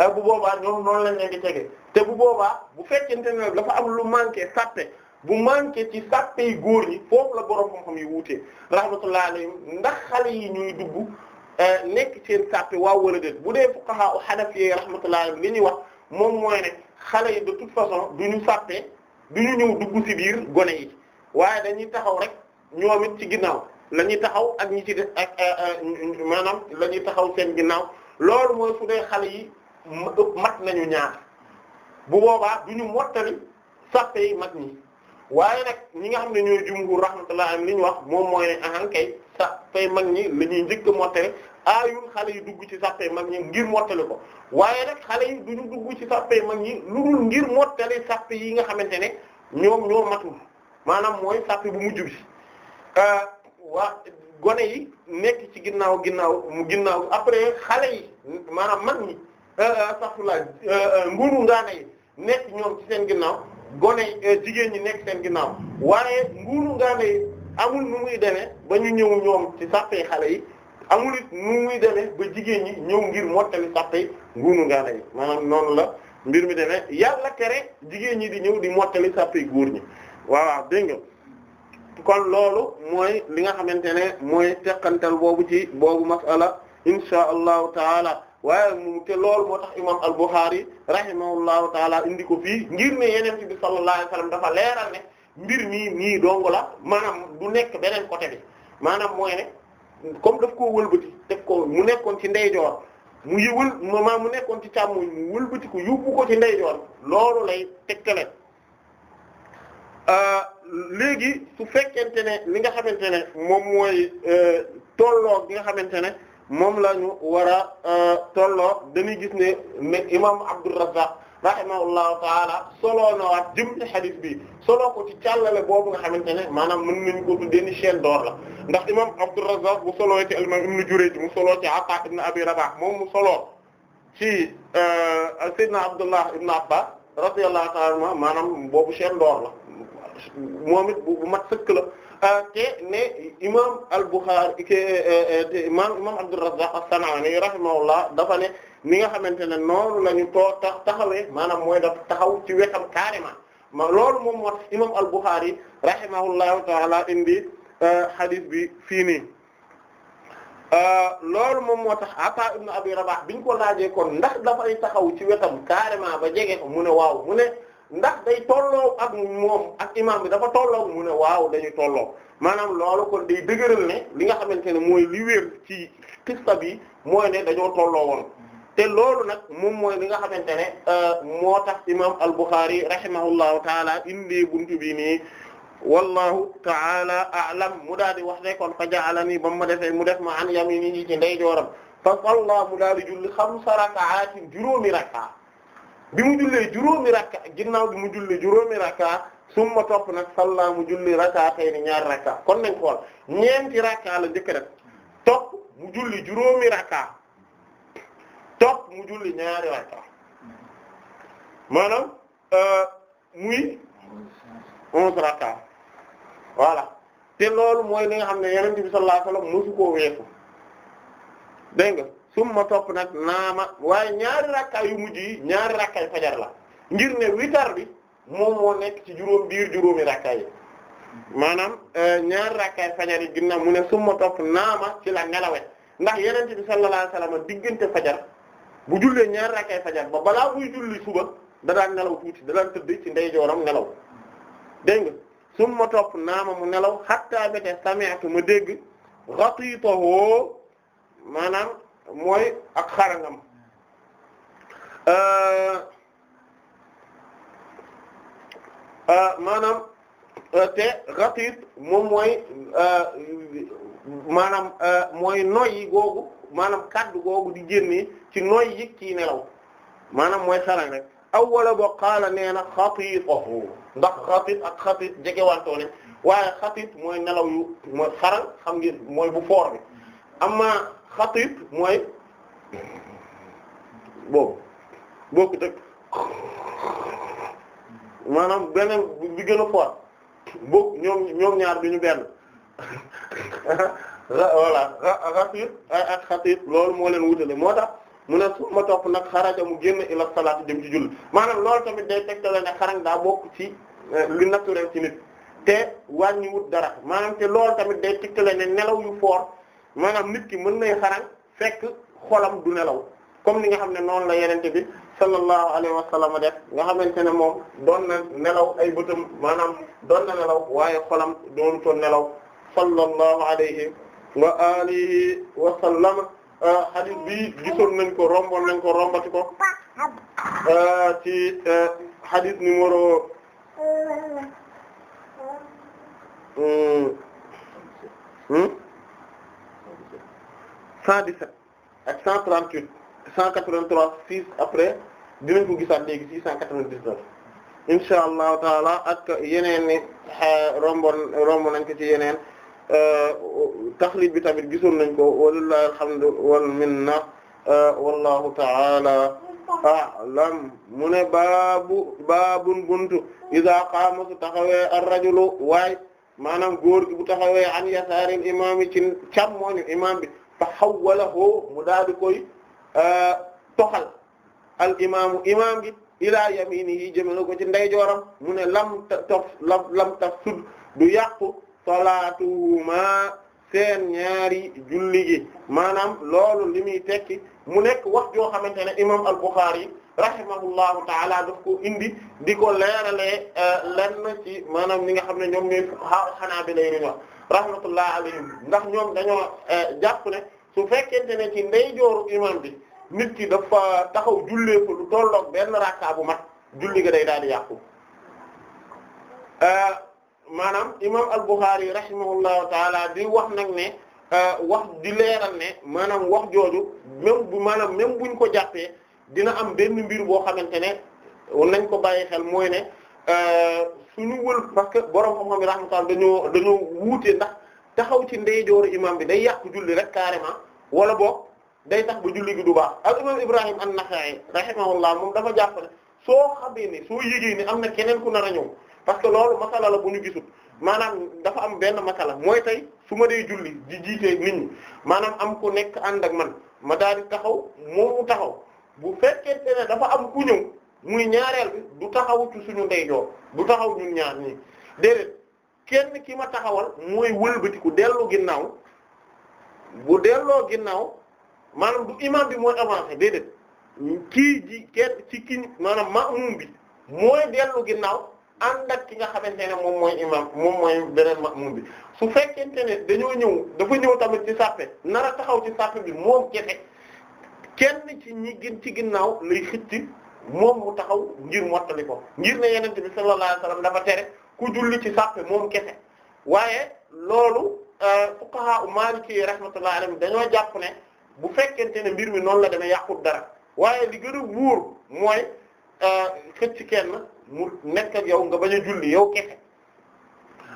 euh, bu boobaa ñoom noonu lañ leen di tege te bu boobaa bu fekkente ne dafa am lu manqué sàppe bu manqué ci sàppe góor yi foofu la borom xam-xam yi wuute rahmatullah alayhim ndax xale yi ñuy dugg nekk seen sàppe waaw wala déet bu dee fuqaha u hanafi rahmatullah alayhim li ñuy wax moom mooy ne xale yi de toute façon du ñu sàppe du ñu ñëw dugg ci biir gone yi. waaye dañuy taxaw rek ñoom ci ginnaaw lañuy taxaw ak ñi ci def ak euh, euh, maanaam la taxaw seen ginnaaw loolu mooy su dee xale yi mat nañu ñaar bu boobaa du ñu mottali sappe mag ñi waaye nag ñi nga xam ne ñooy jumhur rahmatullah am li ñu wax moom mooy ne ahan kay sappe mag ñi la ñuy njëkk a mottali aayul xale yi dugg ci sappe mag ñi ngir mottali ko waaye nag xale yi du ñu dugg ci sappe mag ñi lu dul ngir mottali sappe yi nga xamante ne ñoom ñoo matul maanaam mooy sàpp bu mujj bi euh, waa gone yi nekk ci ginnaaw ginnaaw mu ginnaaw après xale yi maanaam mag ñi euh, euh, safula nguuru ngaana yi nekk ñoom ci seen ginnaaw gone yi jigéen ñi nekk seen ginnaaw waaye nguuru ngaana yi amul nu muy demee ba ñu ñëw ñoom ci sàppee xale yi amul it nu muy demee ba jigéen ñi ñëw ngir mottali sàppee nguuru ngaana yi maanaam noonu la mbir mi demee yàlla tere jigéen ñi di ñëw di mottali sàppee góor ñi waaw dégg nga kon loolu mooy li nga xamante ne mooy teqantal boobu ci boobu masala insha allahu taala waaye mu te loolu moo tax imam al-Bukhari rahimahullahu taala indi ko fii ngir ne yeneen bi sallallahu alayhi wasallam dafa leeral ne mbir mii nii dong la maanaam du nekk beneen côté bi maanaam mooy ne comme daf koo wëlbati teg ko mu nekkoon ci ndeyjoor mu yëwul maanaam mu nekkoon ci càmmoñ mu wëlbati ko yóbbu ko ci ndeyjoor loolu lay tekkale Euh, léegi su fekkente ne li nga xamante ne moom mooy euh, tolloo gi nga xamante ne moom la ñu war a euh, tolloo dañuy gis ne ne imam Abdurrazzaq rahimahullahu taala soloo nawaat jëm ci xadis bi soloo ko ci càllale boobu nga xamante ne maanaam mën nañu ko tuddee ni chaîne d'or la ndax imam Abdurrazzaq bu soloo ci al-imam Ibn Jurayj mu soloo ci Ata ibn Abi Rabah moom mu soloo ci Sayyidina Abdullah ibn Abbas radiyallahu ta'ala anhuma maanaam boobu chaîne d'or la moom it bu mat sëkk la ah, te ne imam al-Bukhari ke eh, eh, imam imam Abdurrazzaq as-San'ani rahimahullah dafa ne ni nga xamante ne noonu la ñu too tax taxawee maanaam mooy daf taxaw ci wetam carrément ma loolu moom moo tax imam al-Bukhari rahimahullahu ta'ala indi eh, hadith bi fii nii ah, loolu moom moo tax Ataa ibn Abi Rabah biñ ko laajee kon ndax dafay taxaw ci wetam carrément ba jege ko mu ne waaw ndax day tolloo ak moom ak imaam bi dafa tolloo mu ne waaw dañuy tolloo maanaam loolu kon day dëgëral ne li nga xamante ne mooy li ci xista bi mooy ne dañoo tolloo woon te loolu nag moom mooy li nga xamante ne euh, moo tax imaam al-Bukhari rahimahullahu taala indi buntu bi nii wallahu taala a'lam mu daal di wax ne kon fa ja'alani ba ma defee mu def ma an yaminihi ci ndeyjooram fa salla mu daal di julli xamsa rak'atin juróomi rak'a bi mu jullee juróomi rakka ginnaaw bi mu jullee juróomi rakka summa topp nag salla mu julli rakka tey ni ñaar rakka kon nañ xool ñeenti rakka la njëkk def topp mu julli juróomi rakka top mu julli ñaari rakka maanaam euh, muy onze rakka voilà te loolu mooy li nga xam ne yonent bi sallallahu alayhi wasallam mosu weesu dégg summa topp nag naama waaye ñaari rakkaay yu mujj yi ñaari rakkaay fajar la ngir ne witar bi moom moo nekk ci juróom biir juróomi rakkaay yi maanaam euh, ñaari rakkaay fajar yi ginnaaw mu ne summa topp naama ci la ngelawet ndax yenente bi sallallahu alayhi wasallam diggante fajar bu jullee ñaari rakkaay fajar ba balaa muy julli suba da daan nelaw tuuti da daan tëdd ci ndeyjooram nelaw dégg nga summa topp naama mu nelaw hatta bete sami'tu ma dégg ratitahoo maanaam mooy ak xarangam euh, euh, maanaam euh, te ratit moom mooy maanaam mooy noyyi googu maanaam kaddu googu di ni ci noyyi kii nelaw maanaam mooy xarang rek aw wala boo qaala nee na xatiitahu ndax xatit ak xatit jegewantoo ne waaye xatit mooy nelaw yu mooy xarang xam ngeen mooy bu foor bi xatib mooy boobu bokku dëkk maanaam beneen bi gën a fort bokk ñoom ñoom ñaar duñu benn voilà xatib ak xatib loolu moo leen wutale moo tax mu ne su ma topp nag xaraja mu génn ila salaat dem ci julli maanaam loolu tamit day tegtale ne xarañ daa bokk ci eh, li naturel ci nit te wàññiwut dara maanaam te loolu tamit day tegtale ne nelaw yu fort maanaam nit ki mën nay xaran fekk xolam du nelaw comme ni nga xam ne noonu la yenente bi sallallahu alayhi wa sallam def nga xamante ne moom doon na nelaw ay bëtam maanaam doon na nelaw waaye xolam doon to nelaw sallallahu alayhi wa alihi wa sallam euh, hadith bi gisoon nañ ko romboon nañ ko rombati ko euh, ci euh, hadith numéro hmm, hmm? cent 117 ak 138 183 6 après dinañ ko gisaat léegi 699 insha allahu taala ak yeneen ni rombon romb nañ ko ci yeneen euh, taxrib bi tamit gisoon nañ ko walillahi alhamdu wal minna euh, wallahu taala a'lam mu ne baabu baabun buntu iza qaama su taxawee ar-rajulu waay maanaam góor gi bu taxawee an yasaaril imaam yi ci càmmoñu imaam bi fa xawwalahu mu daal di koy euh, toxal al imaamu imaam gi ilaa yaminihi jëme na ko ci ndeyjooram mu ne lam taf lam lam sud du yàqu salaatuhuma seen ñaari julli gi maanaam loolu li muy tekki mu nekk wax joo xamante ne imam al-Bukhari rahimahullahu taala daf ko indi di ko leeralee euh, lenn ci maanaam ñi nga xam ne ñoom ñooy fuqaha Hanaabila lay wax rahmatullah alayhim ndax ñoom dañoo eh, jàpp ne su fekkente ne ci ndeyjooru imam bi nit ki dafa taxaw jullee ko lu tolloog benn rakka bu mat julli ga day daal di yàqu eh, maanaam imam al-Bukhari rahimahullahu taala di wax nag ne eh, wax di leeral ne maanaam wax jooju même maanam maanaam buñ ko jàppe dina am benn mbir boo xamante ne nañ ko bàyyi xel mooy ne suñu wël parce que borom xam-xam yi rahmatullah dañoo dañoo wuute ndax taxaw ci ndeyjooru imam bi day yàq julli rek carrément wala boog day tax ba julli gi du baax al imam Ibrahim an-Nakhai rahimahullah moom dafa jàpp soo xamee ne soo yëgee ne am na keneen ku nar a ñëw parce que loolu masala la bu ñu gisul maanaam dafa am benn masala mooy tay su ma dee julli di jiitee nit ñi maanaam am ku nekk ànd ak man ma daal di taxaw moom taxaw bu fekkente ne dafa am ku ñëw. muy ñaareel bi du taxaw ci suñu ndeyjoor du taxaw ñun ñaar ñii déedéet kenn ki ma taxawal mooy wëlbatiku dellu ginnaaw bu delloo ginnaaw maanaam du imam bi mooy avancé déedéet kii ji kenn ci ki maanaam ma'mum bi mooy dellu ginnaaw ànd ak ki nga xamante ne moom mooy imam moom mooy beneen ma'mum bi su fekkente ne dañoo ñëw dafa ñëw tamit ci sàppe nar a taxaw ci sàppe bi moom kese kenn ci ñi gën ci ginnaaw lay xëcc moom mu taxaw ngir mottali ko ngir ne yonent bi sallallahu alayhi wasallam dafa tere ku julli ci sàppe moom kese waaye loolu euh, fuqaha u maliki rahmatullahi alayhim dañoo jàpp ne bu fekkente ne mbir mi noonu la demee yàqut dara waaye li gën a wóor mooy euh, xëcc kenn mu nekk yow nga bañ a julli yow kese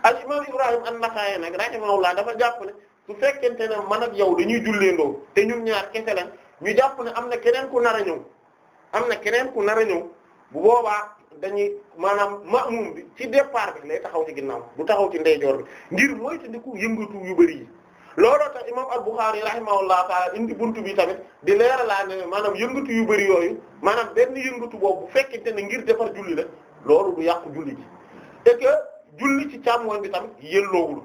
al imam Ibrahim an-Nakha'i nag rahimahullah dafa jàpp ne su fekkente ne man ak yow dañuy julleendoo te ñun ñaar kese lañ ñu jàpp ne am na keneen ku nar a ñëw am na keneen ku nar a ñëw bu boobaa dañuy maanaam ma'mum bi ci départ bi lay taxaw ci ginnaaw bu taxaw ci ndeyjoor bi ngir moytandiku yëngatu yu bari yi looloo tax imam al-Bukhari rahimahullahu taala indi buntu bi tamit di leeralaa maanaam yëngatu yu bari yooyu maanaam benn yëngatu boobu bu fekkente ne ngir defar julli la loolu du yàqu julli ji et julli ci càmmooñ bi tamit yelloowul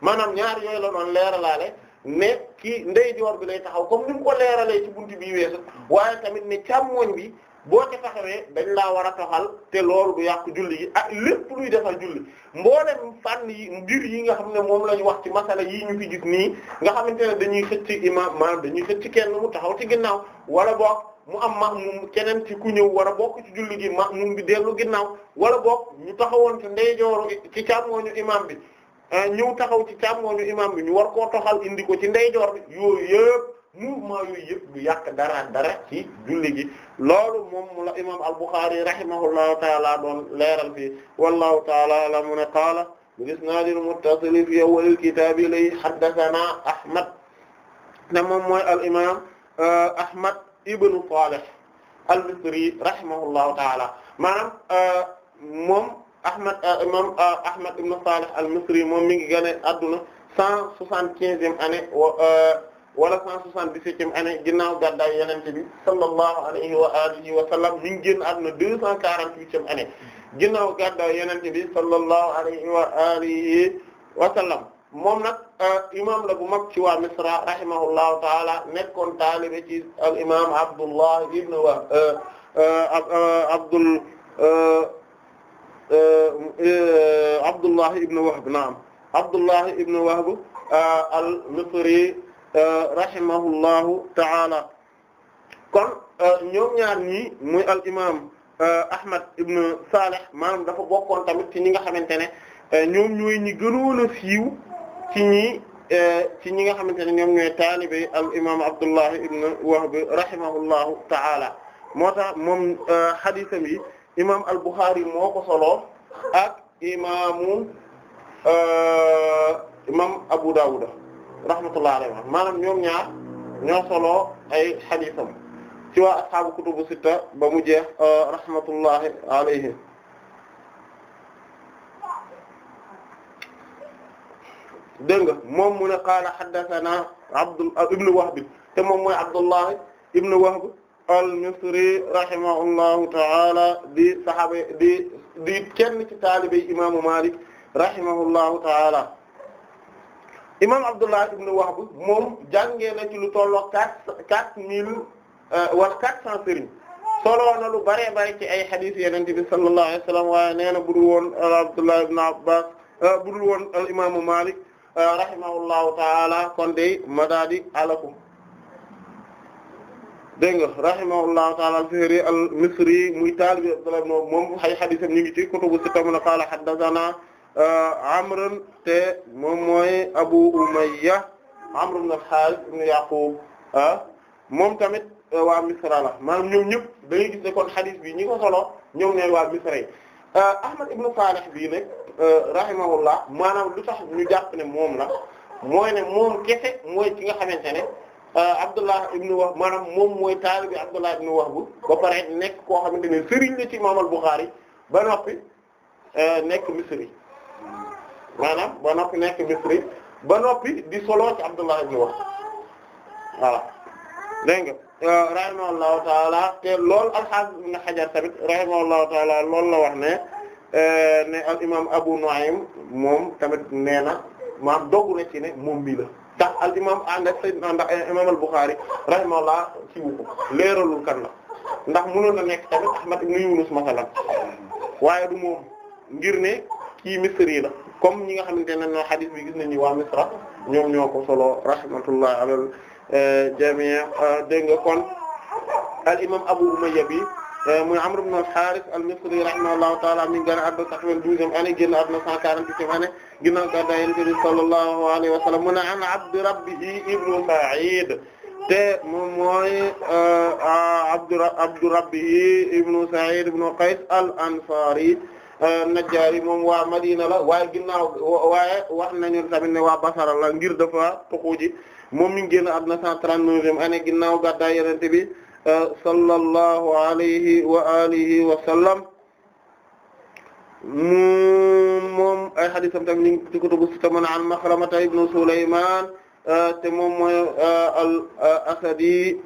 maanaam ñaar yooyu la doon leeralaale ne ci ndeyjoor bi lay taxaw comme ni mu ko leeralee ci buntu bii weesu waaye tamit ne càmmoñ bi boo ci taxawee dañ laa war a toxal te loolu du yàq julli gi ak lépp luy defal julli mboolem fànn yi mbir yi nga xam ne moom la ñu wax ci masala yii ñu fi gis nii nga xamante ne dañuy xëcc imaam maanaam dañuy xëcc kenn mu taxaw ci ginnaaw wala boog mu am ma'mum keneen ci ku ñëw war a bokk ci julli gi mu bi dellu ginnaaw wala boog ñu taxawoon ci ndeyjooru ci càmmooñu imaam bi. Euh, ñëw taxaw ci càmmooñu imam bi ñu war koo toxal indi ko ci ndeyjoor bi yooyu yëpp mouvement yooyu yëpp du yàq dara dara ci julli gi loolu moom mu la imam al-Bukhari taala doon leeral fii wallahu taala ala mu ne qaala bi-isnaadil muttasil fi awwalil kitaab lay haddathanaa Ahmad ne moom mooy al imam euh, Ahmad ibn Salih al-Misri rahimahullahu taala maanaam euh, moom Ahmad euh, imam euh, Ahmad ibn Salih al moom mi ngi gane adduna cent soixante-quinzième année euh, wala cent soixante-dix-septième année ginnaaw gàddaay Yonent bi sallallahu alayhi wa alihi wa sallam mi ngi génn adduna deux cent quarante-huitième année ginnaaw gàddaay Yonent bi sallallahu alayhi wa alihi wa sallam moom nag imam la bu mag ci waa Misra rahimahullahu taala nekkoon taalibe ci al imam Abdullah ibn Abdul Abdullah ibn Wahb naam Abdullah ibn Wahb uh, al-Misri uh, rahimahullahu ta'ala kon uh, ñoom ñaar ñii muy al imam Ahmad ibn Salih maanaam dafa bokkoon tamit ci ñi nga xamante ne ñoom ñooy ñi gënoon a siiw ci ñi ci ñi nga xamante ne ñoom ñooy taalibe al imam Abdullah ibn Wahb rahimahullahu ta'ala moo tax moom xadiisam yi imam al-Bukhari moo ko solo ak imaamu euh, imam Abu Dawud rahmatullah alayhi maanaam ñoom ñaar ñoo solo ay xadiisam ci waa ashaabu kutubu sitta ba mu jeex euh, rahmatullahi alayhi dégg nga moom mu ne qaala haddathana Abdul euh, ibnu Wahb te moom mooy Abdullah ibnu Wahb al-Misri rahimahullahu ta'ala di saxaaba di di kenn ci taalibe imaamu Maalik rahimahullahu ta'ala imaam Abdullah ibn Wahb moom jàngee na ci lu tolloo quatre quatre mille euh, wala quatre cent sëriñ soloo na lu bëree bëri ci ay xadiis Yonent bi sallallahu alayhi wa sallam waaye nee na budul woon Abdullah ibn Abbas euh, budul woon al imaamu Maalik euh, rahimahullahu ta'ala kon day ma daal di alakum dégg nga rahimahullahu taala al-Fihri al-Misri muy taalibi Abdullah ibn moom ay hadiisam ñu ngi ci kutubu sitta mu ne qaala haddathana uh, Amr te moom mooy Abu Umayya Amr ibn al-Harith ibn Yaqub ah moom tamit uh, waa Misra la maanaam ñoom ñëpp da ngay gis ne kon hadith bi ñi ko solo ñoom ñooy waa Misra yi Ahmad ibn Salih bii nag rahimahullah maanaam lu sax ñu jàpp ne moom la mooy ne moom kese mooy ki nga xamante ne. Euh, Abdullah ibn Wahb maanaam moom mooy taalibi Abdullah wax bu ba pare nekk koo xamante ne sëriñ la ci Imaam al-Bukhari ba noppi euh, nekk misri maanaam ba noppi nekk misri ba noppi di solo ci Abdullah ibn Wahb voilà dégg nga euh, rahimahullahu taala te loolu al-Hafiz ibn Hajar tamit rahimahullahu taala loolu la wax ne ne al imam Abu Nu'aym moom tamit nee na maam dogg na ci ne moom bi ndax al imam àndak na ndax imam al Bukhari rahimahullah siwu ko leeralul kan la ndax mënoon na nekk tamit Ahmad ibn Yunus masalan waaye du moom ngir ne kii misri la comme ñi nga xamante ne no hadith bi gis nañu waa misra ñoom ñoo ko solo rahmatullah alal eh, jami' eh, dégg nga kon al imam Abu Umayya bi muy Amr ibn al-Harith al-Misri rahimahullahu ta'ala mi ngi gën a àdduna 92e année génn àdduna 148e année ginnaaw gàddaay Yonent bi sallallahu alayhi wa sallam mu ne an abdi rabbihi ibnu Sa'id te moom mooy euh, abdu abdu rabbihi ibnu Sa'id ibnu Qays al-Ansari euh, najjaar yi moom waa Madina la waaye ginnaaw waaye wax nañu tamit waa Basara la ngir dafa tuxu ji moom mi ngi génn àdduna 139e année ginnaaw gàddaay Yonent bi sallallahu alayhi wa alihi wa sallam moom ay hadiisam tam ñu ci kutubu sitta an Maxramata ibnu Sulaymaan te moom mooy al asadi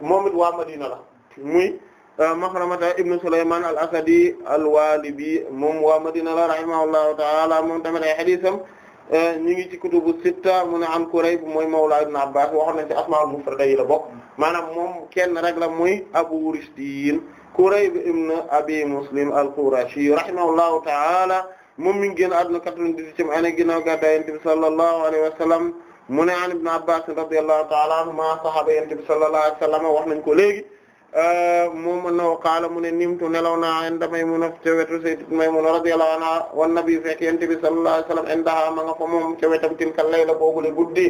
moom it waa Madina la muy Maxramata ibnu Sulaymaan al asadi al waalibi moom waa Madina la rahimahullahu ta'ala moom tamit ay hadiisam ñu ngi ci kutubu sitta mu ne an Kurayb mooy mawla Ibn Abbas waxoon nañ ci asmaa'ul mufrada yi la bokk maanaam moom kenn rek la muy Abu Ristiin Kurayb ibn Abi Muslim al-Qurashi rahimahullahu ta'ala moom mi ngi génn àdduna 98e année ginnaaw gàddaay Yonent bi sallallahu alayhi wa sallam mu ne an Ibn Abbas radiyallahu ta'ala anhuma sahaaba Yonent bi sallallahu alayhi wa sallam wax nañ ko léegi Euh, moom annahu qaala mu ne nimtu nelaw naa inda Maymuna ca wetu sayyidat Maymuna radiyallahu anha wan nabi fekk yent bi sallallahu alayhi wasallam indaha ma nga fa moom ca wetam tilka layla boogule guddi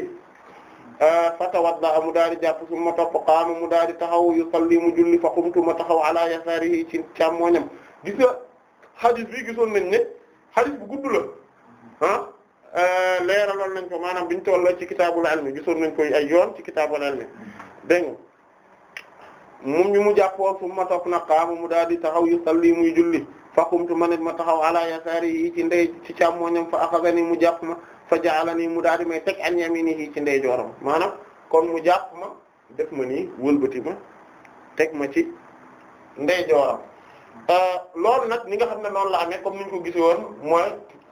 euh, fatawadda mu daal di jàpp summa topp qaama mu daal di taxaw yusalli mu julli fa qumtu ma taxaw ala yasaarihi ci càmmoñam gis nga hadith bi gisoon nañ ne hadith bu gudd la ah euh, leeraloon nañ ko maanaam biñ toll ci kitaabul ilmi gisoon nañ koy ay yoon ci kitaabul ilmi dégg nga moom ñu mu jàppoon fu ma toog na qaama mu daal di taxaw yu salli muy julli fa qumtu ma ne ma taxaw ala yasaari yi ci ndey ci càmmoñam fa axasani mu jàpp ma fa ja'alani mu daal di may teg an yaminihi ci ndey jooram maanaam kon mu jàpp ma def ma nii wëlbati ma teg ma ci ndey jooram euh, loolu nag ni nga xam ne noonu la amee comme ni ñu ko gisee woon mooy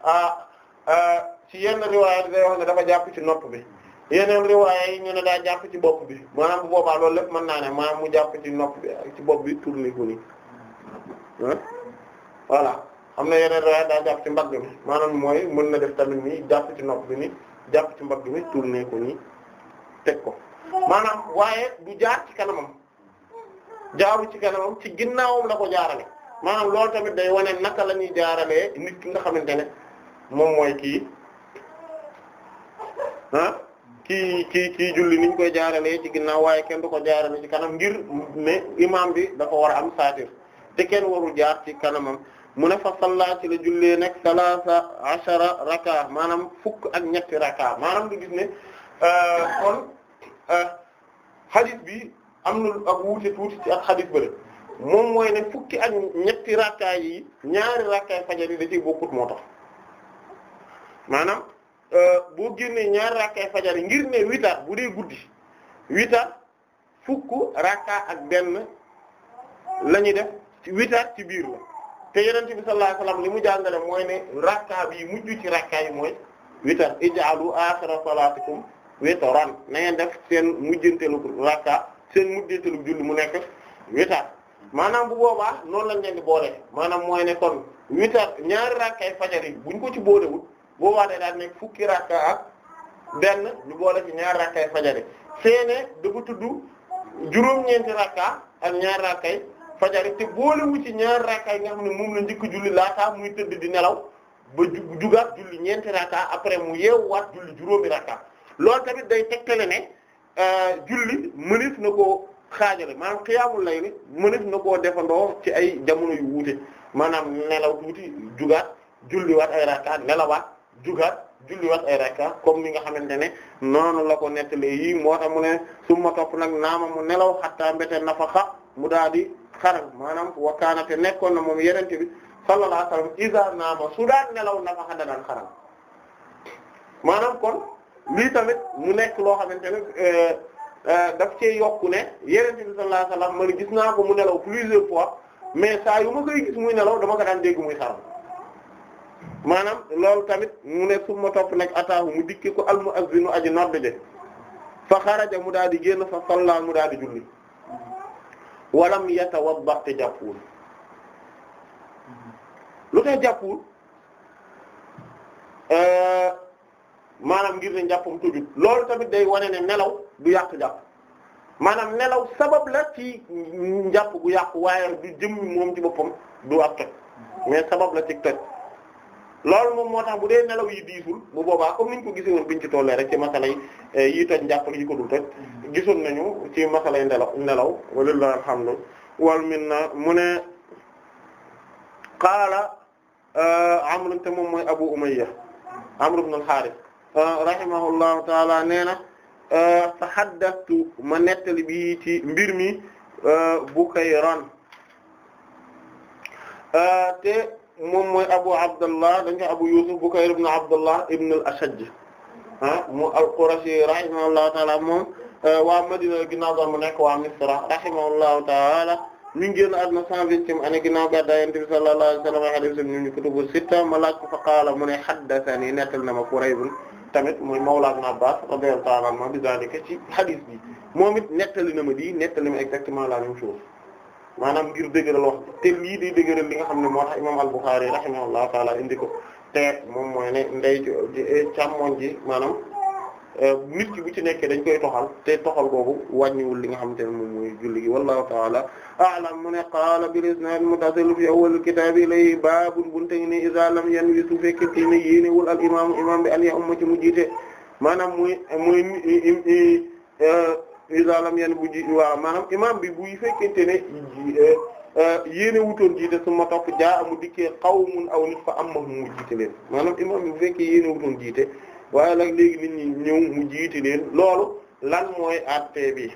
ah, euh, ci yenn riwaaya day wax ne dafa jàpp ci nopp bi. yeneen riwaaya yi ñu daa jàpp ci bopp bi maanaam boobaa loolu lépp mën naa ne maanaam mu jàpp ci nopp bi ci bopp bi tourné ko xam voilà na yeneen riwaaya daa jàpp ci mbagg bi maanaam mooy mën na def tamit nii jàpp ci nopp bi nii jàpp ci mbagg mi tourné ko nii teg ko maanaam waaye du jaar ci kanamam jaaru ci kanamam ci ginnaawam la ko jaarale maanaam loolu tamit day wane naka la ñuy jaaralee nit ki nga xamante ne moom mooy kii kii kii kii julli niñ koy jaaralee ci ginnaaw waaye kenn du ko jaarale ci kanam ngir ne imam bi dafa war a am saatir te kenn warul jaar ci kanamam mu ne fa salla ci la jullee nag salaasa ashara raka maanaam fukk ak ñetti raka maanaam nga gis euh, euh, bi am na ci ak hadith bële moom ak ñetti raka yi ñaari raka fajar yi da ciy bokkut moo tax maanaam Euh, boo génnee ñaar rakkay fajar yi ngir ne witar bu dee guddi witar fukk rakka ak benn lañuy def ci witar ci biir la te yenente bi sallallahu alayhi wasallam li mu jàngale mooy ne rakka bi mujj ci rakka yi mooy witar ij'alu akhira salatikum witran na ngeen def seen mujjantelu rakka seen mujjantelu julli mu nekk witar maanaam bu boobaa noonu lañ leen di boole maanaam mooy ne kon witar ñaari rakkay fajar yi buñ ko ci boolewul boobaa day daal nekk fukki rakka ak benn ñu boole ci ñaar rakkay fajari seene dafa tudd juróom-ñeenti rakka ak ñaar rakkay fajari te boolewu ci ñaar rakka yi nga xam ne moom la njëkk julli laataa muy tëdd di nelaw ba jugaat julli ñeenti rakka après mu yeewwaat julli juróomi rakka loolu tamit day tegtale ne euh, julli mëneef na koo xaajale maanaam xiyaamul layli mëneef na koo defandoo ci ay jamono yu wuute maanaam nelaw tuuti jugaat julliwaat ay rakka nelawaat jugaat julliwaat ay rakka comme ni nga xamante ne noonu la ko nettale yii moo tax mu ne summa topp nag naama mu nelaw xattaa mbete nafaxa mu daal di xaram maanaam wakkaanate nekkoon na moom yenente bi sallallahu alayhi wasallam isa nelaw nafaxa da daan kon lii tamit mu nekk loo xamante ne euh, daf ce yokku ne yenente bi sallallahu alayhi wasallam man gis naa ko mu nelaw plusieurs fois mais saa yu ma koy gis muy nelaw dama ko daan dégg muy xaram maanaam loolu tamit mu ne summa topp nag ataahu mu dikki ko al muazzinu aji nodd je fa xaraja mu daal di génn fa salla mu daal di julli walam yatawadda te jàppul lu tax jàppul euh, maanaam ngir ne njàppam tujul loolu tamit day wane ne nelaw du yàqu jàpp maanaam nelaw sabab la ci njàpp gu yàqu waaye du jëm moom ci boppam du ak toj mais sabab la ci toj loolu moom moo tax bu dee nelaw yi diisul bu boobaa comme niñ ko gisee woon biñ ci tollee rek ci masala yi eh, yi toj njàpp yi ko dul toj gisoon nañu ci masalay nelaw nelaw walillahi alhamdu wal minna mu ne qaala eh, amru te moom mooy abu umayya amru ibn al eh, rahimahullahu taala nee na fa ma nettali bi ci mbir mi bukayran te moom mooy abu abdallah dañ ko abu yusuf bukayr ibn abdallah ibn al-ashaj ah mu al-qurashi rahimahullahu taala moom euh, waa madina ginnaaw ga mu nekk waa misra rahimahullahu taala mi ngi génn àdduna cent vingtième année ginnaaw ga addaa yonent bi sallallahu alayhi wa sallam hadith ñu ñu kutubu sitta ma laaj ko fa qaala mu ne haddathani nettal na ma kurayb tamit muy mawla ibn abbas radiyallahu ta'ala anhu bi zalika ci hadith bi moom it nettali na ma di nettali ma exactement la même chose maanaam ngir dëgëral wax te lii day dëgëral li nga xam ne moo tax imam al-Bukhari rahimahullahu taala indi ko te moom mooy ne ndey eh, càmmoñ ji maanaam eh, nit ki bu ci nekkee dañ koy toxal te toxal googu wàññiwul li nga xamante ne moom mooy julli gi wallahu taala a'lam mu ne qaala bil isnad muttasil fi awwal kitaab ilay baabun bunte gi ne iza lam yanwi su fekkente ne yéenewul al imaamu imaam bi an ya umma ci mu jiite maanaam muy muy iza lam yan bu ji waaw maanaam imam bi bu fekkente ne eh, eh, yéene wutoon jiite su ma topp jaa amu dikkee qawmun aw nit fa am ma mu jiite leen maanaam imam bi bu fekkee yéene wutoon jiite waaye nag léegi nit ñi ñëw mu jiite leen loolu lan mooy atte bi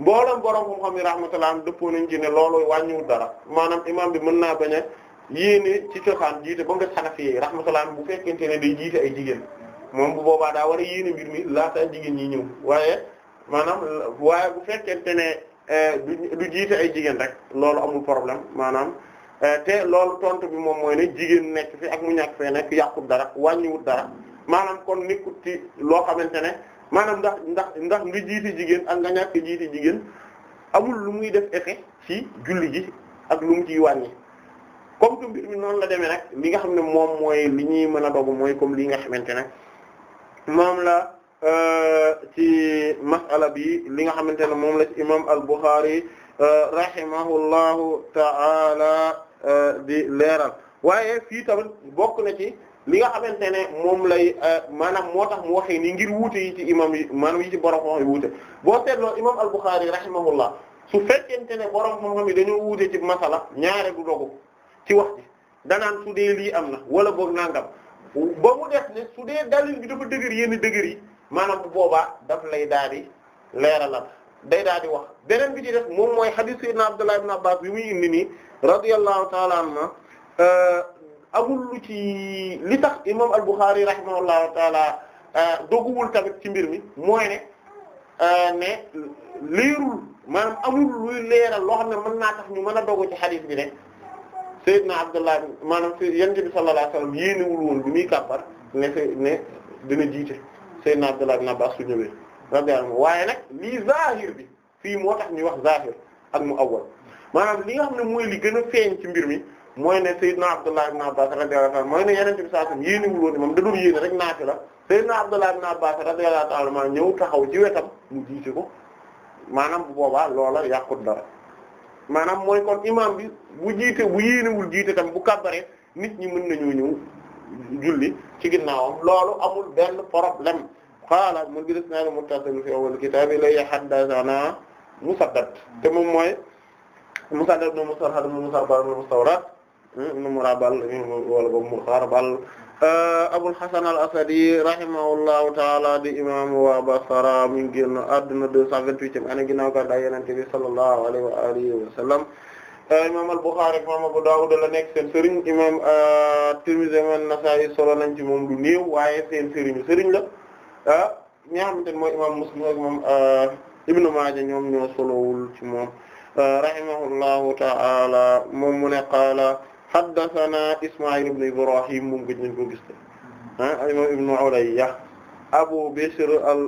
mboolem borom xam xam yi rahmatullah dëppoo nañ ci ne loolu wàññiwul dara maanaam imam bi mën naa bañ a yéene ci cosaan jiite ba nga xanafi yi rahmatullah bu fekkente ne day jiite ay jigéen moom bu boobaa daa war a mbir mi laata jigéen ñi ñëw maanaam euh, waaye bu fekkente ne euh, du jiite ay jigéen rek loolu amul problème maanaam euh, te loolu tontu bi moom mooy ne jigéen nekk fi ak mu ñàkk fee nekk yàqut dara wàññiwut dara maanaam kon nekkut ci loo xamante ne maanaam ndax ndax ndax nga jiite jigéen ak nga ñàkk jiite jigéen amul lu muy def effet ci julli gi ak lu mu ciy wàññi comme que mbir mi noonu la demee nag li nga xam ne moom mooy li ñuy mën a dogu mooy comme li nga xamante ne moom la. Euh, ci mas'ala bi li nga xamante ne moom la ci imam al-Bukhari euh, rahimahullahu ta'ala euh, waaye fii tamit bokk na ci li nga xamante ne moom lay maanaam moo tax mu waxee ni ngir wuute yi ci imam yi maanaam yi ci borom xam yi wuute boo seetloo imam al-Bukhari rahimahullah su fekkente ne borom xam-xam yi dañoo wuute ci masala ñaare du dogu ci wax ji danaan su dee lii am na wala boog nangam ba mu def ne su dee dalil bi dafa dëgër yenn dëgër yi maanaam bu boobaa daf lay daadi di leeralal day daadi di wax beneen bi ci def moom mooy hadith sayyidina Abdullah ibn Abbas bi muy indi nii radiyallahu ta'ala anhu euh, ci li tax imam al-Bukhari rahimahullahu ta'ala euh, doguwul tamit ci mbir mi mooy euh, ne leerul maanaam amul luy leeral loo xam ne mën naa tax ñu mën a dogu ci hadith bi ne sayyidina Abdullah maanaam yonent bi sallallahu alayhi wasallam yéenewul woon muy kàppar ne jiite Seydina Abdullah ibn Abbas su ñëwee radiyallahu anhu waaye nag lii zahir bi fii moo tax ñu wax zahir ak mu awwal maanaam li nga xam ne mooy li gën a feeñ ci mbir mi mooy ne Seydina Abdullah ibn Abbas radiyallahu anhu mooy ne Yonent bi sallallahu alayhi wasallam moom da doon yéene rek naati la Seydina Abdullah ibn Abbas radiyallahu ta'ala anhu ñëw taxaw ci wetam mu jiite ko maanaam bu boobaa loola yàqut dara maanaam mooy kon imam bi bu jiite bu yéenewul jiite tam bu kàbbaree nit ñi mën nañoo ñëw julli ci ginnaawam loolu amul benn problème qaala mun bi isnaad muttasil fi awwal kitaab la haddathana Musaddad te moom mooy Musaddad ibn Musarhad ibn Musarbal ibn Mustawrad ibn Murabal wala ba Mukharbal Abul Hasan al-Asadi rahimahullahu ta'ala di imam wa Basra mi ngi génn àdduna 228 ane ginnaaw ga daa Yonent bi sallallahu alayhi wa alihi wa sallam Euh, imam al-Bukhari imam Abu Dawud la nekk seen sëriñ imam euh, Tirmidhi imam Nasa'i solo nañ ci moom lu niiw waaye seen sëriñ sëriñ la ah ñi nga xamante Muslim ak imam Ibn ñoom ñoo solowul ci moom rahimahullahu ta'ala moom mu ne qaala haddathana Isma'il ibn Ibrahim moom gëj nañ ko gis te ah Abu Bishr al